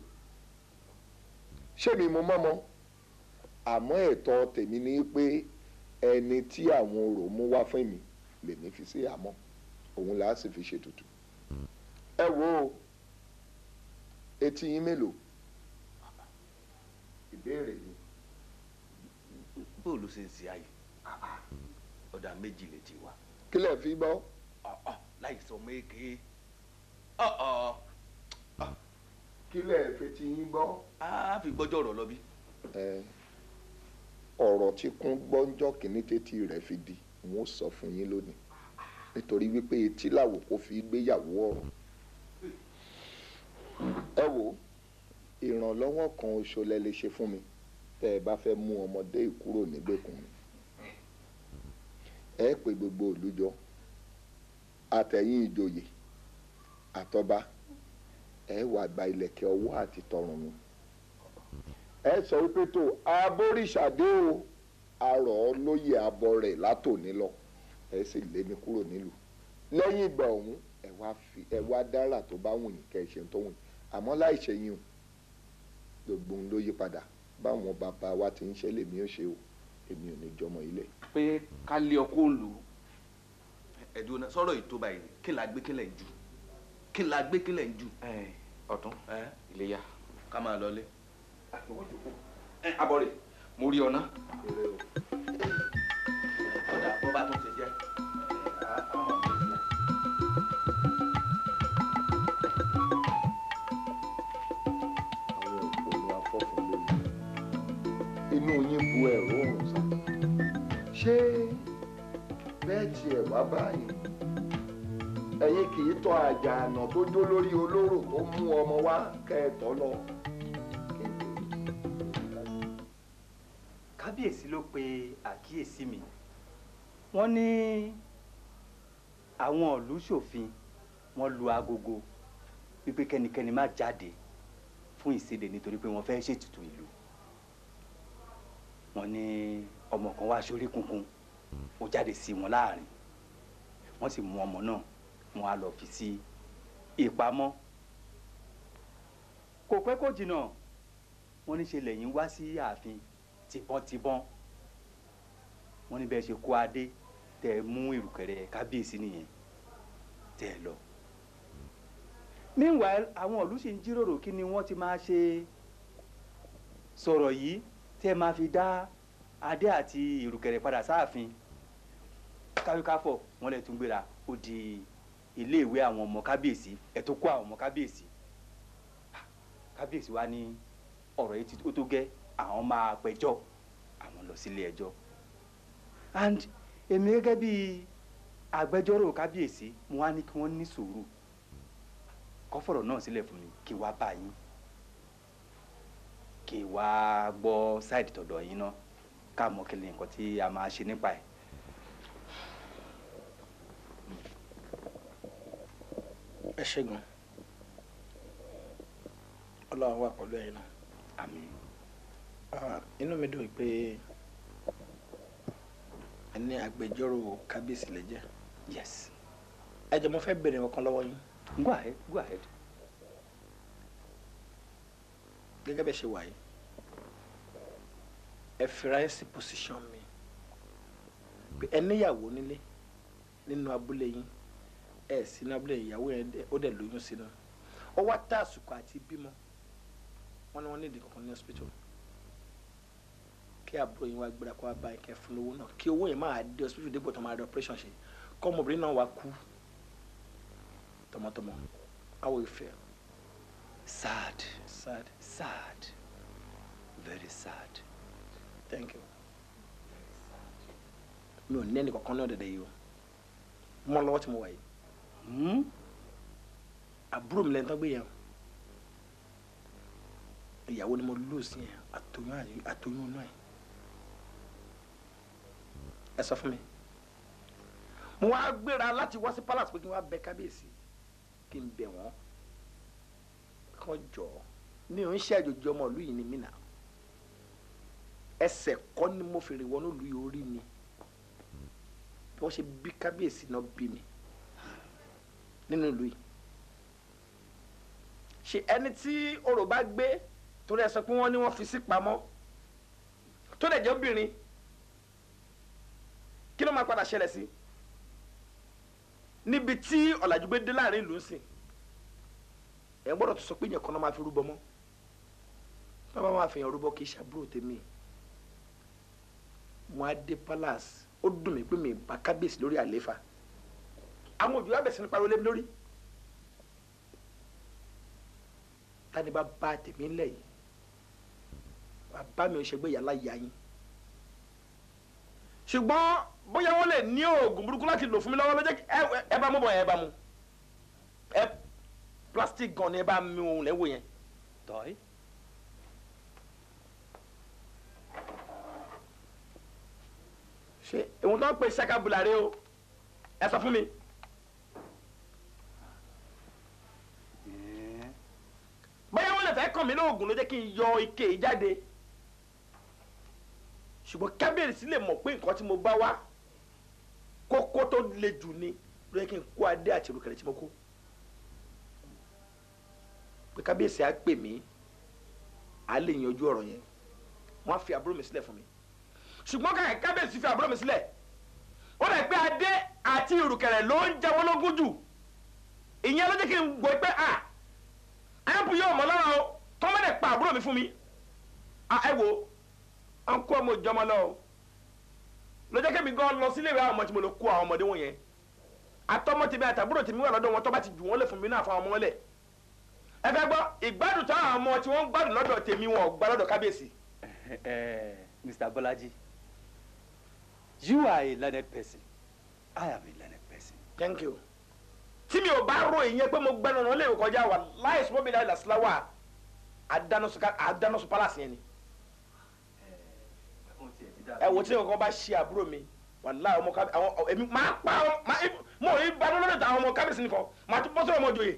ṣé mi mo mọ́mọ́ àmọ́ ẹ̀tọ́ tèmi ni pé ẹni tí àwọn orò mú wá fún mi lèmi fi sí àmọ́ òun là á sì fi ṣètùtù hmm. ẹ wo etí yín mélòó ìbéèrè ni. bóòlù ṣe ń ṣe ayé ah, ah. Hmm. ọ̀dà méjì lè ti wá. kí lè fi bọ́. Ah, láì sọ méje kí lè fetí yín gbọ́. a fi gbọ́jọ́ ọ̀rọ̀ lọ bí. ọ̀rọ̀ tí kún gbọ́njọ́ kìíní tètè rẹ̀ fi di n ó sọ fún yín lónìí nítorí wípé etí làwò kò fi gbéyàwó ọ̀run ẹ wo ìrànlọ́wọ́ kan oṣù lẹ lè ṣe fún mi tẹ́ ẹ bá fẹ́ mú ọmọdé yìí kúrò nígbèkùn mi ẹ pè gbogbo ìlú jọ àtẹ̀yìn ìjòyè àtọba ẹ wá gba ìlẹ̀kẹ̀ ọwọ́ àti tọrùn mi ẹ sọ wípé tó aboríṣàdé o arọ̀ lóye abọ rẹ̀ látòní lọ ẹ sì lé mi kúrò nílùú lẹ́yìn ìgbà ọ̀hún ẹ wá fi ẹ wá dára tó bá wùn yín kẹ́ ẹ ṣe tó wùn yín àmọ́ láì ṣe yín o gbogbo ohun ló yí padà báwọn bàbá wa ti ń ṣe lèmi ò ṣe o èmi ò ní jọmọ ilé. pé ká lé ọkọ òòlù ẹ̀dùn náà sọ̀rọ̀ ètò báyìí kí la gbé kílẹ̀ ń jù kí la gbé kílẹ̀ ń jù. ọ̀tún iléyà. ká máa lọ lé. àbọ̀rẹ̀ mo rí ọ ná. gbogbo ẹ̀ rọrùn sá ṣé bẹ́ẹ̀ tiẹ̀ wá báyìí ẹ̀yin kì í tọ́ àjà àná tó jó lórí olóró tó mú ọmọ wá kẹ́ẹ̀tọ́ lọ. kábíyèsí ló pe àkíyèsí mi wọ́n ní àwọn ìlú ṣòfin wọ́n lu agogo wípé kẹ́nikẹ́ni má jáde fún ìsédé nítorí pé wọ́n fẹ́ ṣètùtù ìlú wọ́n ní ọmọ kan wá sórí kunkun ó jáde sí wọn láàrin wọ́n sì mú ọmọ náà wọ́n á lọ fi sí ìpamọ́ kò pẹ́ kò jìnnà wọ́n ní ṣe lẹ́yìn wá sí ààfin tibọ́ntibọ́n wọ́n ní bẹ́ẹ̀ ṣe kó adé tẹ́ mú ìrùkẹ̀rẹ̀ kábíyèsí nìyẹn tẹ́ lọ. meanwhile àwọn ìlú sì ń jíròrò kí ni wọ́n ti máa ṣe sọ̀rọ̀ yìí tí ẹ máa fi dá adé àti ìrùkẹ̀rẹ̀ padà sáàfin káfíkáfọ̀ wọn lè tún gbéra ó di iléèwé àwọn ọmọ kábíyèsí ẹ tó kó àwọn ọmọ kábíyèsí kábíyèsí wa ní ọ̀rọ̀ yìí ó tó gẹ́ àwọn máa pẹjọ́ àwọn lọ sílé ẹjọ́ and èmi gẹ́gẹ́ bí agbẹjọ́rò kábíyèsí mo wá ní kí wọ́n ní sùúrù kọ́fọ̀rọ̀ náà sílẹ̀ fún mi kí wá bá yín kí wá gbọ́ sáìdì tọ̀dọ̀ yín ná ká kí ni nǹkan tí a máa ṣe nípa ẹ̀. ẹ ṣẹ́gun ọlọ́run wà pẹ̀lú ẹ̀yin náà. inú mi dùn pé agbẹjọ́rò kábíyèsí yes. ẹ jẹ́ mo fẹ́ bèrè nǹkan lọ́wọ́ yín. gẹ́gẹ́ bẹ́ẹ̀ ṣe wà yìí ẹ fira ẹ sí position mi pé ẹ níyàwó nílé nínú abúlé yín ẹ sínú abúlé ìyàwó yẹn ó dẹ̀ lóyún sínú ọ wá tá àsùkò àti bímọ wọn ni wọn ní ìdí kankan ní hospital kí àbúrò yín wá gbéra kó wá bá ẹkẹ fún lówó náà kí owó yẹn máa dé hospital dé bọ̀tọ̀ máa dé operation ṣe kọ́ ọmọbìnrin náà wá kú tọmọtọmọ àwọn ìfẹ́ ọ. Sad. Sad. Sad. Very sad. Thank you. Mi ò ní ẹnì kankan náà dẹ̀dẹ̀ yìí o. Mọ́ lọ́wọ́ tí mo wà yìí. Hmm? Àbúrò mi lẹ́nu tó gbé yẹn. Ìyàwó ni mo lose yẹn àtọyún ọ̀nà ẹ̀. Ẹ sọ fún mi. Mo wá gbéra láti wá sí palace pé kí n wá bẹ kábíyèsí kí n bẹ̀ wọ́n kan jọ mi ò ń ṣe àjòjì ọmọ ìlú yìí ni mí nà ẹsẹ̀ kọ́ ni mo fèrè wọnú ìlú yìí orí ni bí wọ́n ṣe bí kábíyèsí náà bí mi nínú ìlú yìí ṣe ẹni tí orò bá gbé torí ẹ sọ pé wọ́n ní wọ́n fi sí pamọ́ tó dẹ̀ jẹ́ obìnrin kí ló máa padà ṣẹlẹ̀ sí níbi tí ọ̀làjú gbé dé láàrin ìlú ń sìn ẹ gbọ́dọ̀ tó sọ pé yẹn kan náà máa fi rúbọ mọ́ tó bá máa fi yàn rúbọ kì í ṣàbúrò tèmi mo á dé palace ó dùn mí pé mi bá kábíyèsí lórí àléfà àwọn òjò abẹ̀sẹ̀ ní pariwo lé lórí tani bá bá tèmi ńlẹ̀ bàbá mi ò ṣègbè yàrá ìyá yín ṣùgbọ́n bóyá wọ́n lè ní oògùn burúkú láti lò fún mi lọ́wọ́ lọ́jọ́ ẹ bá mú bọ̀ yẹn ẹ bá mú plastic gun ni ẹ bá mi òun lẹ wò yẹn. tọ́yì. ṣe òun tó ń pe ṣaka bulare o ẹ sọ fún mi. bóyá wọn lè fẹ́ kàn mí lóògùn ló jẹ́ kí n yọ ike yìí jáde ṣùgbọ́n kábíyèsí lè mọ̀ pé nǹkan tí mo bá wá kókó tó le jù ni ló yẹ kí n kó adé àti ìrùkẹ̀rẹ̀ tí mo kó pé kábíyèsí á pè mí á lè yanjú ọ̀rọ̀ yẹn wọ́n á fi àbúrò mi sílẹ̀ fún mi ṣùgbọ́n kàkà kábíyèsí fi àbúrò mi sílẹ̀ ó rẹ̀ pé adé àti ìrùkẹ̀rẹ̀ ló ń jẹ́ wọ́lógún jù ìyẹn ló jẹ́ kí n gbọ́ pé à ẹ̀pù yóò mọ̀ lọ́rọ̀ o tó mọ̀ dẹ̀ pa àbúrò mi fún mi ẹ wo wọ́n kó ọmọ ìjọmọ lọ o ló jẹ́ kẹ́mi gan lọ sílé ìwé àwọn ọmọ tí mo lọ kó àwọn ọmọdé wọn yẹn àtọmọ tèmi àtàbúrò tèmi wà lọ́dọ̀ wọn tó bá ti jù wọ́n lẹ̀ fún mi náà fún àwọn ọmọ wọn lẹ̀ ẹ fẹ́ gbọ́ ìgbádùn táwọn ọmọ tí wọ́n gbádùn lọ́dọ̀ tèmi wọn gbá lọ́dọ̀ kábíyèsí. Mr. Bolaji you are a learned person I am a learned person. thank you. tí mi ò bá rò ìyẹn pé mo gbẹ́nu ọ̀nà lè kọjá wa láì sọ́mọ́ mi láì làṣíláwà àdánù palace yẹn ni. ẹ wo tí ní bá ṣe àbúrò mi wàláhì ọmọ kábíyèsí àwọn èmi máa pa ọmọ mo ò ní banú àwọn ọmọ kábíyèsí nìkan màá tún bọ́ ọmọ òjòyè.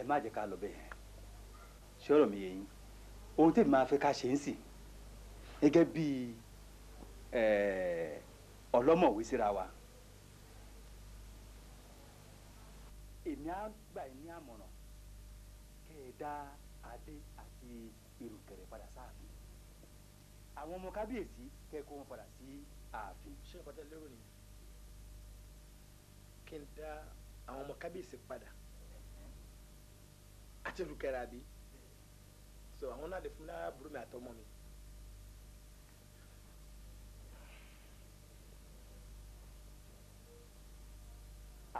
ẹ má jẹ́ ká lọ bẹ́ẹ̀ ṣé ọ̀rọ̀ mi yé yín ohun tèmi máa fẹ́ ká ṣe ń sìn gẹ́gẹ́ bí eh, ọlọ́mọ̀wé síra wa èmi á gbà yín ní àmọ̀ràn kẹ́ ẹ dá adé àti ìrùkẹ̀rẹ̀ padà sáàfin àwọn ọmọ kábíyèsí kẹ́ ẹ kó wọn padà sí ààfin. ṣé ìpàdé lérò nìyẹn kí n dá àwọn ọmọ kábíyèsí padà àti ìrùkẹ̀rẹ̀ àbí sọ àwọn náà lè fún mi láàbùrú mi àtọmọ mi.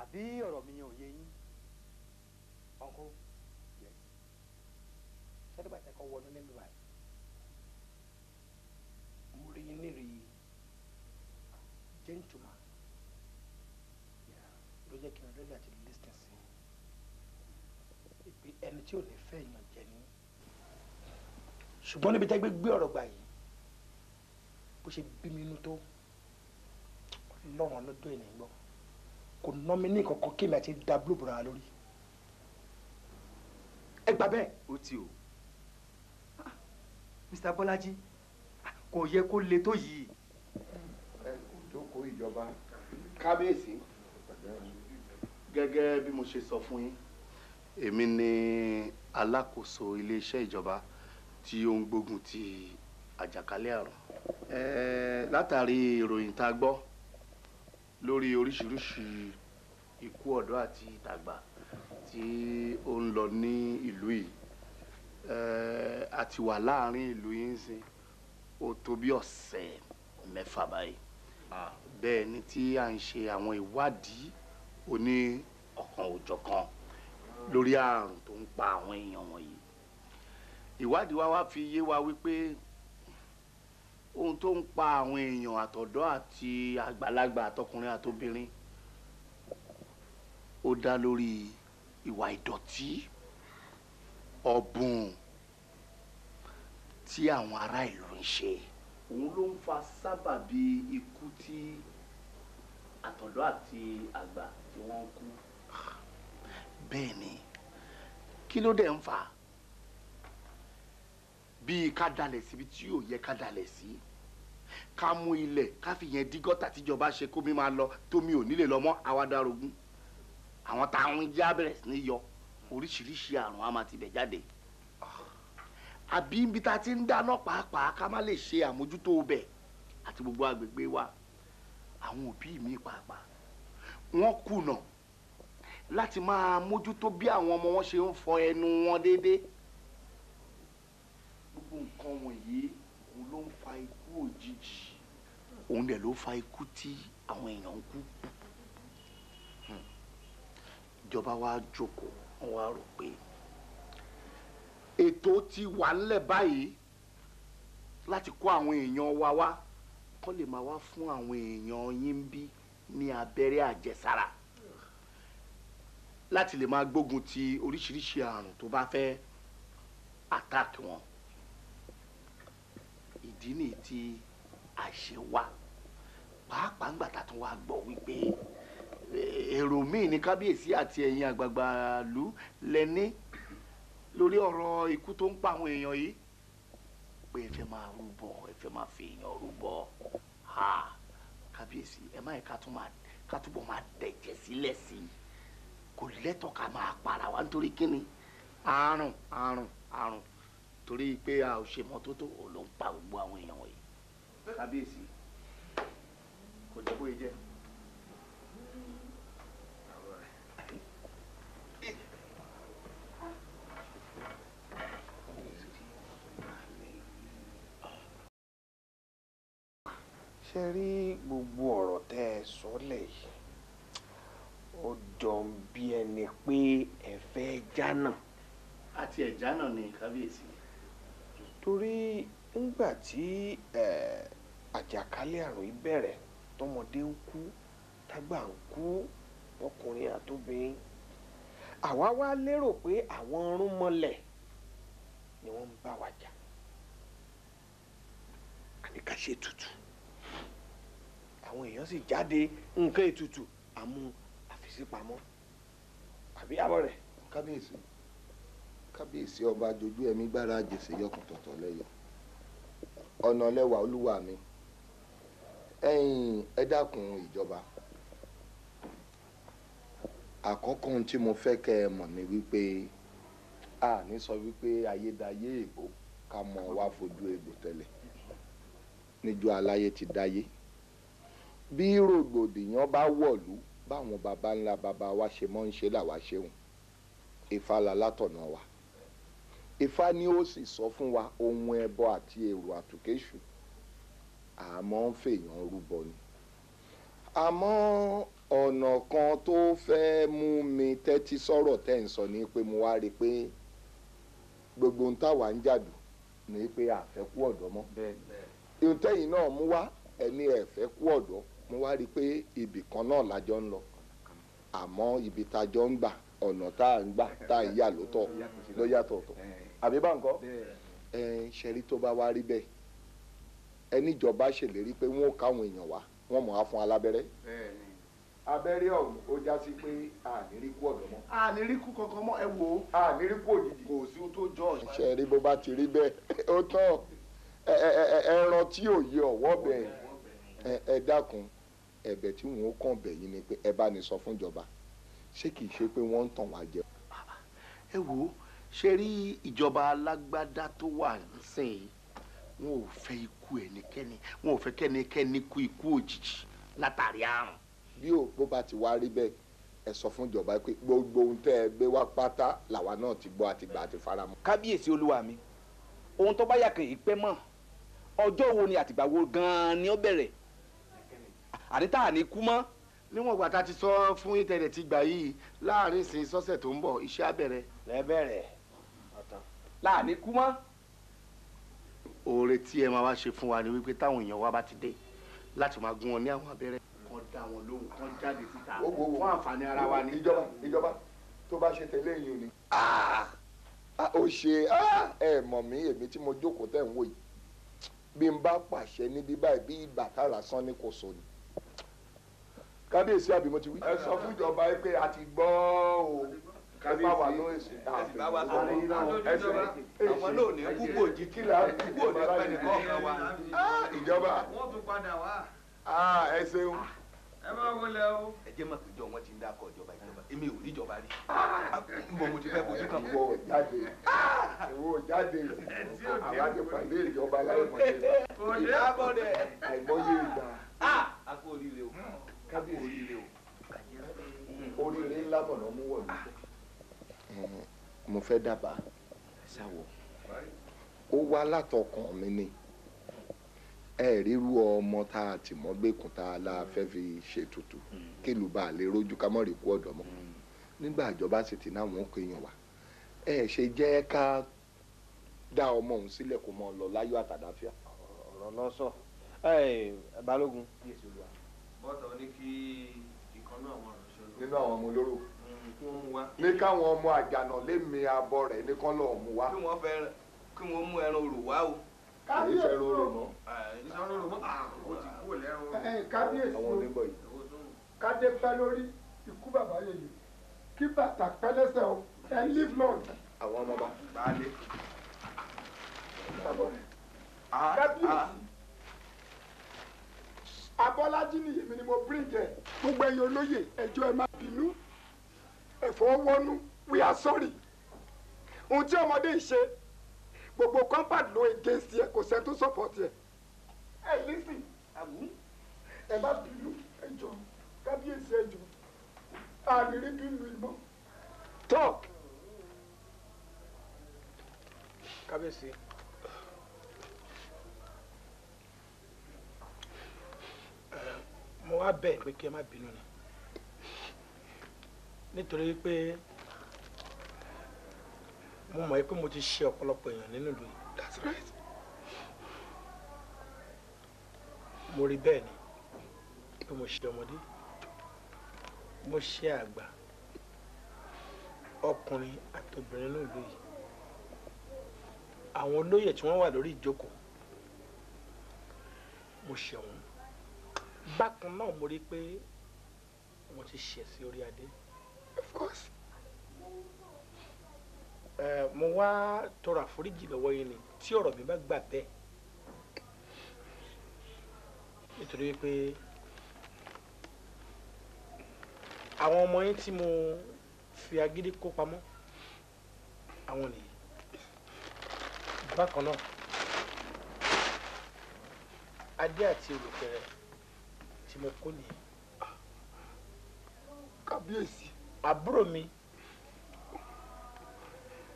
àbí ọ̀rọ̀ mi ò yé yín ọkọ sẹ́dọ̀bà tẹ́ kọ́ wọnú níbi báyìí mo rí yín nírì gentleman ló jẹ́ kí n lórí àti lísítẹ̀ sí i ẹni tí ò ní fẹ́ yàn ṣùgbọ́n níbi tẹ́gbẹ́ gbé ọ̀rọ̀ gbà yìí bó ṣe bí mi inú tó lọ́rùn lọ́dọ̀ ẹ̀ nìgbọ́ kò ná mi ní kankan kémi àti da blue bùrọ̀ lórí ẹ gbà bẹ́ẹ̀. ó ti o ah, Mr. Bọ́lájí kò yẹ kó le tó yìí. ẹ kò tó kó ìjọba kábíyèsí gẹ́gẹ́ bí mo ṣe sọ fún yín èmi ni alákòóso iléeṣẹ́ ìjọba. E tí ó ń gbógun ti àjàkálẹ̀ àrùn. látàrí ìròyìn tá a gbọ́ lórí oríṣiríṣi ikú ọ̀dọ́ àti ìtàgbà tí ó ń lọ ní ìlú yìí a ti wà láàrin ìlú yìí ń sìn ó tó bí ọ̀sẹ̀ mẹ́fà báyìí bẹ́ẹ̀ ni tí a ń ṣe àwọn ìwádìí oní ọ̀kan òjọ̀kan lórí àrùn tó ń pa àwọn èèyàn wọ̀nyí ìwádìí wa wá fi yé wa wípé ohun tó ń pa àwọn èèyàn àtọ̀dọ́ àti àgbàlagbà àtọkùnrin àtobìnrin ó dá lórí ìwà ìdọ̀tí ọ̀bùn tí àwọn ará ìlú ń ṣe. òun ló ń fa sábàbí ikú tí àtọ̀dọ́ àti àgbà tí wọ́n kú. bẹ́ẹ̀ ni kí ló dé ń fà bíi ká dalẹ̀ síbi tí yóò yẹ ká dalẹ̀ sí ká mú ilẹ̀ ká fi yẹn dí gọ́tà tíjọba ṣe kó mi máa lọ tómi ò nílé lọ mọ́ àwa darogún àwọn táwọn já bẹ̀rẹ̀ sí ní yọ oríṣiríṣi àrùn á máa tibẹ̀ jáde àbí ibi tá a ti ń dáná pàápàá ká má lè ṣe àmójútó ọbẹ̀ àti gbogbo agbègbè wa àwọn òbí mi pàápàá wọ́n kùnà láti máa mójútó bí àwọn ọmọ wọn ṣe ń fọ ẹnu wọn déédéé gbogbo nǹkan wọ̀nyí òun ló ń fa ikú òjijì òun dẹ̀ ló fa ikú tí àwọn èèyàn ń kú hmm. ìjọba wa jókòó wọn wá rò pé ètò ti wà ńlẹ̀ báyìí láti kó àwọn èèyàn wa wá kó lè máa wá fún àwọn èèyàn yín bí ní abẹ́rẹ́ àjẹsára láti lè máa gbógun ti oríṣiríṣi àrùn tó bá fẹ́ attack wọn ìdí ni ti àṣẹ wa pàápàá ńgbà tá a tún wá gbọ́ wípé eh, èrò míì ní kábíyèsí àti ẹ̀yin àgbààgbà ìlú lẹ́ni lórí ọ̀rọ̀ ikú tó ń pa àwọn èèyàn yìí pé ẹ fẹ́ máa rúbọ ẹ fẹ́ máa fi èèyàn rúbọ ha kábíyèsí ẹ má yẹ ká túbọ̀ máa dẹ̀jẹ̀ sílẹ̀ sí i kò lẹ́tọ̀ọ́ ká máa para wa nítorí kíni àrùn àrùn àrùn torí pé a ò ṣe mọ́tótó ò ló ń pa gbogbo àwọn èèyàn wọ̀nyí kábíyèsí kò jẹ́ bóyá jẹ́. ṣe rí gbogbo ọ̀rọ̀ tẹ́ ẹ sọ́lẹ̀ yìí ó jọ bí ẹni pé ẹ fẹ́ jánà. àti ẹ̀ jánà ni kábíyèsí torí ńgbà tí àjàkálẹ̀ àrùn yìí bẹ̀rẹ̀ tọmọdé ń kú tágbà ń kú ọkùnrin àtobìnrin àwa wá lérò pé àwọn irúnmọlẹ̀ ni wọ́n ń bá wa jà àní ká ṣe tutù àwọn èèyàn sì jáde nǹkan ètùtù àmú àfìsípamọ́ àbí àbọ̀ rẹ̀. kábíyèsí kábíyèsí ọba dojú ẹ̀mí gbára jèsè yọkùn tọ̀tọ̀ lẹ́yọ ọ̀nà lẹ́wà olúwa mi ẹ̀yin ẹ dákun ìjọba àkọ́kọ́ ohun tí mo fẹ́ kẹ́ ẹ mọ̀ ni wípé a ní sọ wípé ayédáyé èbó ká mọ wá fojú egbò tẹ́lẹ̀ níjọ́ aláyé ti dáyé bí rògbòdìyàn bá wọ̀lú báwọn baba ńlá baba wa ṣe mọ́ ń ṣe làwa ṣeun ìfàlà látọ̀nà wa ifá ni ó sì sọ fún wa ohun ẹbọ àti èrò àtùkéṣù àmọ́ ń fèèyàn rúbọ ni àmọ́ ọ̀nà kan tó fẹ́ mú mi tẹ́tí sọ̀rọ̀ tẹ́ ń sọ ni pé mo wá rí i pé gbogbo ohun táwa ń jàdù ni pé àfẹ́ kú ọ̀dọ́ mọ́ ihun náà mú wá ẹni ẹ̀fẹ́ kú ọ̀dọ́ mo wá rí i pé ibì kan náà lájọ ń lọ àmọ́ ibi tájọ ń gbà ọ̀nà tá à ń gbà tá à ń yà lótọ̀ ló yàtọ̀ àbí bá nǹkan ṣẹ̀rí tó bá wá rí bẹ́ẹ̀ ẹníjọba ṣèlérí pé wọn ò káwọn èèyàn wá wọn mọ̀ á fún alábẹ́rẹ́ abẹ́rẹ́ ọ̀hún ó já sí pé àníríkù ọ̀dọ́ mọ́. àníríkù kankan mọ́ ẹ wò ó. àníríkù òjijì kò sí tó jọ. ṣe rí bó bá ti rí bẹ́ẹ̀ ó tán ẹran tí ò yẹ ọ̀wọ́ bẹ́ẹ̀ ẹ dákun ẹ̀bẹ̀ tí wọn ó kàn bẹ̀ yín ni pé ẹ bá ní sọ fún ìjọba ṣé kìí ṣe pé wọ́n ń tàn wá jẹ. ẹ wò ó ṣe rí ìjọba alágbádá tó wà nísìnyí wọn ò fẹ́ ikú ẹnikẹ́ni wọn ò fẹ́ kẹ́nikẹ́ni kú ikú òjijì látàrí àrùn. bí òpó bá ti wá rí bẹ́ẹ̀ ẹ sọ fún ìjọba pé gbogbo ohun tẹ́ ẹ gbé wá pátá làwa náà ti gbọ́ àti gbà àti faramọ́. kábíyèsí olúwa mi ohun tó bá yà kàn yí pẹ́ mọ́ ọjọ́ wo ni àtìgbà wo gan-an ni ó bẹ̀rẹ̀ àní tá à ní kú mọ́. níwọ̀n ìgbà tá a ti sọ fún ìtẹ̀lẹ̀ ti gbà yìí láàrin ìsìn sọ́sẹ̀ tó ń bọ̀ iṣẹ́ á lẹ́bẹ̀rẹ̀ láàní kú mọ́. oore tí ẹ máa wá ṣe fún wa ni wípé táwọn èèyàn wa bá ti dé láti máa gún wọn ní àwọn abẹ́rẹ́. kọ́ da wọn lóhùn kọ́ jáde síta fún àǹfààní ara wa ní. ìjọba ìjọba tó bá ṣe tẹ̀lé yìí ni. Ah, ó ṣe ah, ẹ mọ̀ mí èmi tí mo jókòó tẹ̀ ń wò yìí bí n bá pàṣẹ níbí báyìí bí ìgbà tá lásán ní kò sọ ni kábíyèsí àbí mo ti wí. ẹ sọ fún ìjọba yìí pé a ti gbọ́ o kábíyèsí ẹsìn bá wa sọ̀rọ̀ àlójújọba àwọn náà ní púpọ̀ jí kílà púpọ̀ ní pẹ́ẹ́nì kọ̀ọ̀kan ah, ìjọba wọ́n tún padà wá. Ah, ẹ ṣeun. Ah, ẹ máa wọlé o. ẹ jẹ́ mọ̀ pé jọ ti ń dákọ̀ ìjọba ìjọba èmi ò níjọba rí. mo mo ti fẹ́ bojú kan. ìwọ jáde ìwọ jáde àwa ti ìjọba láìpẹ́. àìmọye ìgbà. a oríire o. kábíyèsí oríire o. oríire ńlá mọ̀nà mú wọ̀ ní. Mm, mo fẹ́ dábàá ṣàwọ̀ ó wá látọkàn mi ni ẹ ríru ọmọ tá a ti mọ́ gbẹ̀kùn tá a la mm. fẹ́ fi ṣètùtù mm. kílù bá a lè rojú ká mọ́ rí kú ọ̀dọ̀ mọ́ nígbà ìjọba sì ti náà wọn kò yàn wá ẹ ṣe jẹ́ ká dá ọmọ òun sílẹ̀ kó mọ́ lọ láyọ̀ àtàdáfíà. ọ̀rọ̀ lọ sọ balógun. bọ́tà ní kí ìkan náà wọn rọ̀ ṣọ́lọ́. nínú àwọn ọmọ olóró kí wọ́n mú ní káwọn ọmọ àjànà lè mi abọ rẹ̀ ní kán lọ́ọ́ mú wa. kí wọ́n fẹ́ kí wọ́n mú ẹran òrò wá o. kábíyèsí ẹran òrò mọ́. mọ́ ah, kábíyèsí o kádé pẹ́ lórí ikú bàbá yèyé kí bàtà pẹ́ lẹ́sẹ̀ o ẹ live long. àwọn ọmọ bá gbàálé. Ah, ah. kábíyèsí abọ́lájí nìyẹn mi ni mo bring gbogbo ẹ̀yin olóyè ẹjọ́ ẹ má bínú ẹ̀fọ́wọ́nú we are sorry ohun tí ọmọdé yìí ṣe gbogbo compound ló against yẹ kò sẹ́ni tó support yẹ. ẹ lísì àmì ẹ bá bínú ẹ jọ kábíyèsí ẹ jọ àrírí bínú ìmọ̀. tọ́ kábíyèsí. mo wá bẹ́ẹ̀ pé kí ẹ má bínú ni nítorí pé mo mọ̀ pé mo ti ṣe ọ̀pọ̀lọpọ̀ èèyàn nínú ìlú yìí. that's right. mo rí bẹ́ẹ̀ ni pé mo ṣe ọmọdé mo ṣe àgbà ọkùnrin àtobìnrin nínú ìlú yìí àwọn olóyè tí wọ́n wà lórí ìjókòó mo ṣe wọ́n bákan náà mo rí pé wọ́n ti ṣẹ̀ sí orí adé of course. ẹ mo wá tọrọ àforíjì lọ́wọ́ yín ni tí ọ̀rọ̀ mi bá gbà bẹ́ẹ̀ nítorí pé àwọn ọmọ yín tí mo fi agídí kó pamọ́ àwọn nìyí bákan náà adé àti olùkẹrẹ tí mo kó nìyí. kábíyèsí àbúrò mi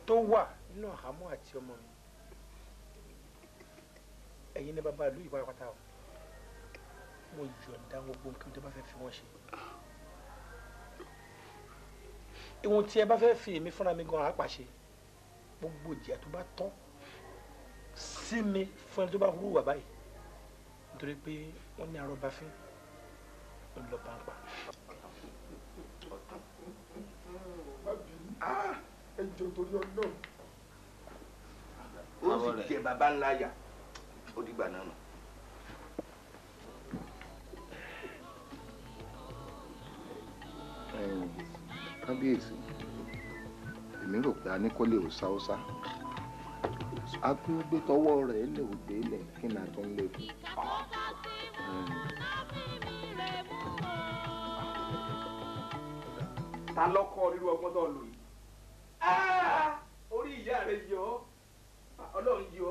tó wà nínú àhámọ́ àti ọmọ mi ẹ̀yin ní bàbá ìlú ìwà pátá o mo yọ̀ǹda gbogbo nǹkan tó bá fẹ́ fi wọ́n ṣe ìwọ̀n tí ẹ bá fẹ́ fi èmi fúnra mi gan apàṣẹ gbogbo ìjìyà tó bá tán sí mi fún ẹni tó bá hùwà báyìí nítorí pé wọ́n ní arọ́báfín ló lọ́ọ́ pàǹpà. Ah, ẹ jọ torí ọdún ó sì jẹ bàbá ńlá yà ó dìgbà náà nù. kábíyèsí èmi rò pé a ní kó lè ò sáúsá akúngbé tọwọ́ rẹ̀ lè ò délẹ̀ kí n àtún lè kú. ta lọ́kọ́ rírú ọgbọ́n tó lò yìí. Ah, orí ìyá rẹ yọ ọlọ́run yọ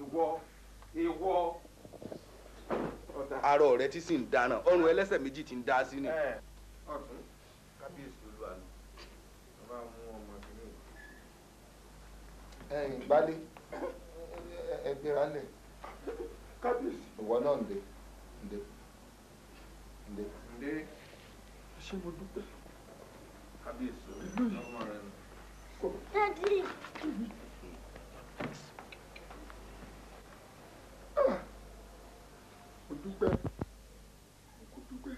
ìwọ ìwọ arọ rẹ ti sì ń dáná ọrùn ẹlẹ́sẹ̀ méjì ti ń dá sí ni. Eh. ọ̀tún kábíyèsí olú àná bàbá mú ọmọ kìíní. ẹ̀yin eh, gbálé ẹ gbéra lẹ kábíyèsí ìwọ náà ǹde ǹde ǹde. ṣé mo dúpẹ́ kábíyèsí ọmọ rẹ nù. Daddy. Mo dúpẹ́, mo dúpẹ́,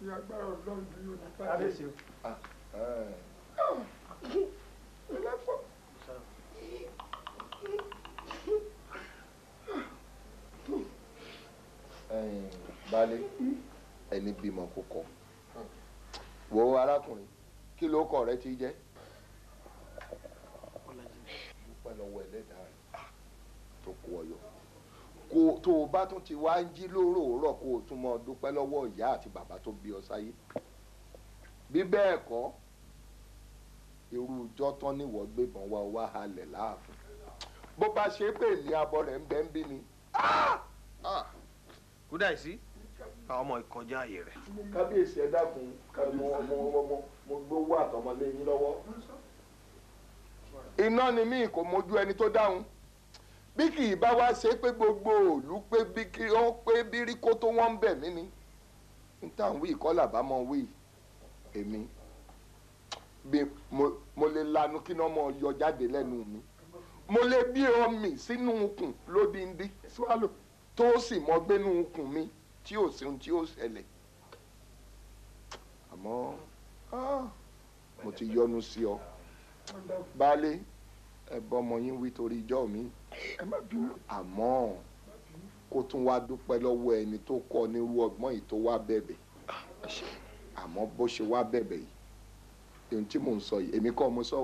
ní agbára ọlọ́run ní onípa. Kábíyèsí o. Ah, eh. Ẹlẹ́pọ̀. Eh, Baálé, ẹni bímọ kò kọ. Wo arákùnrin, kí ló kọ rẹ ti jẹ́? tó o bá tún ti wá ń jí lóró òórọ̀ kó o tún mọ dúpẹ́ lọ́wọ́ ìyá àti bàbá tó bí ọ sáyé bí bẹ́ẹ̀ kọ́ irú ìjọ tán níwọ̀ gbébọn wá wá halẹ̀ láàfin bó bá ṣe pé èmi abọ́ rẹ̀ ń bẹ́ ń bí ni. Ah! Ah! kúdà sí ọmọ ìkọjá ààyè rẹ̀. kábíyèsí ẹ dákun mo gbowó àtọmọlé yín lọ́wọ́. iná ni mí kò mójú ẹni tó dáhùn bí kì í bá wá ṣe pé gbogbo òòlù pé bí kí ó pé bíríkó tó wọ́n ń bẹ̀ mí ni n tà ń wí ìkọ́là bá mọ wí èmi mo lè lanu kí náà mọ yọ jáde lẹ́nu mi mo lè bí omi sínú ikùn lódìndí swallow tó sì mọ gbénú ikùn mi tí ò sí ohun tí ó ṣẹlẹ̀ àmọ́ ah, mo ti yọnu sí ọ baálé ẹ bọ́ ọmọ yín wí torí ijọ́ mi àmọ́ kó tún wá dúpẹ́ lọ́wọ́ ẹni tó kọ́ nírú ọgbọ́n yìí tó wá bẹ̀bẹ̀ ah, àmọ́ bó ṣe wá bẹ̀bẹ̀ yìí ohun tí mò ń sọ yìí èmi kọ́ mo sọ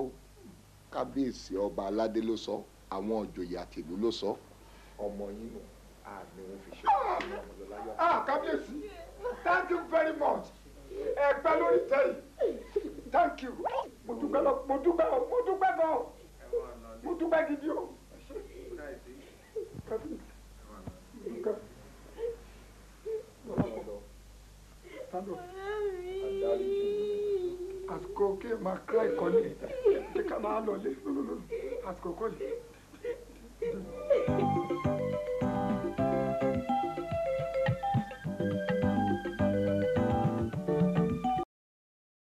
kábíyèsí ọba aládé ló sọ àwọn òjòyè àtìlú ló sọ ọmọ yín nù àmì wọn fi ṣe ah kábíyèsí thank you very much ẹ pẹ́ lórí tẹ́yì thank you mo dúpẹ́ mo dúpẹ́ mo dúpẹ́ gan mo dúpẹ́ gidi o. nunca vi. Nunca Askoke makai koni, tekana as askoke.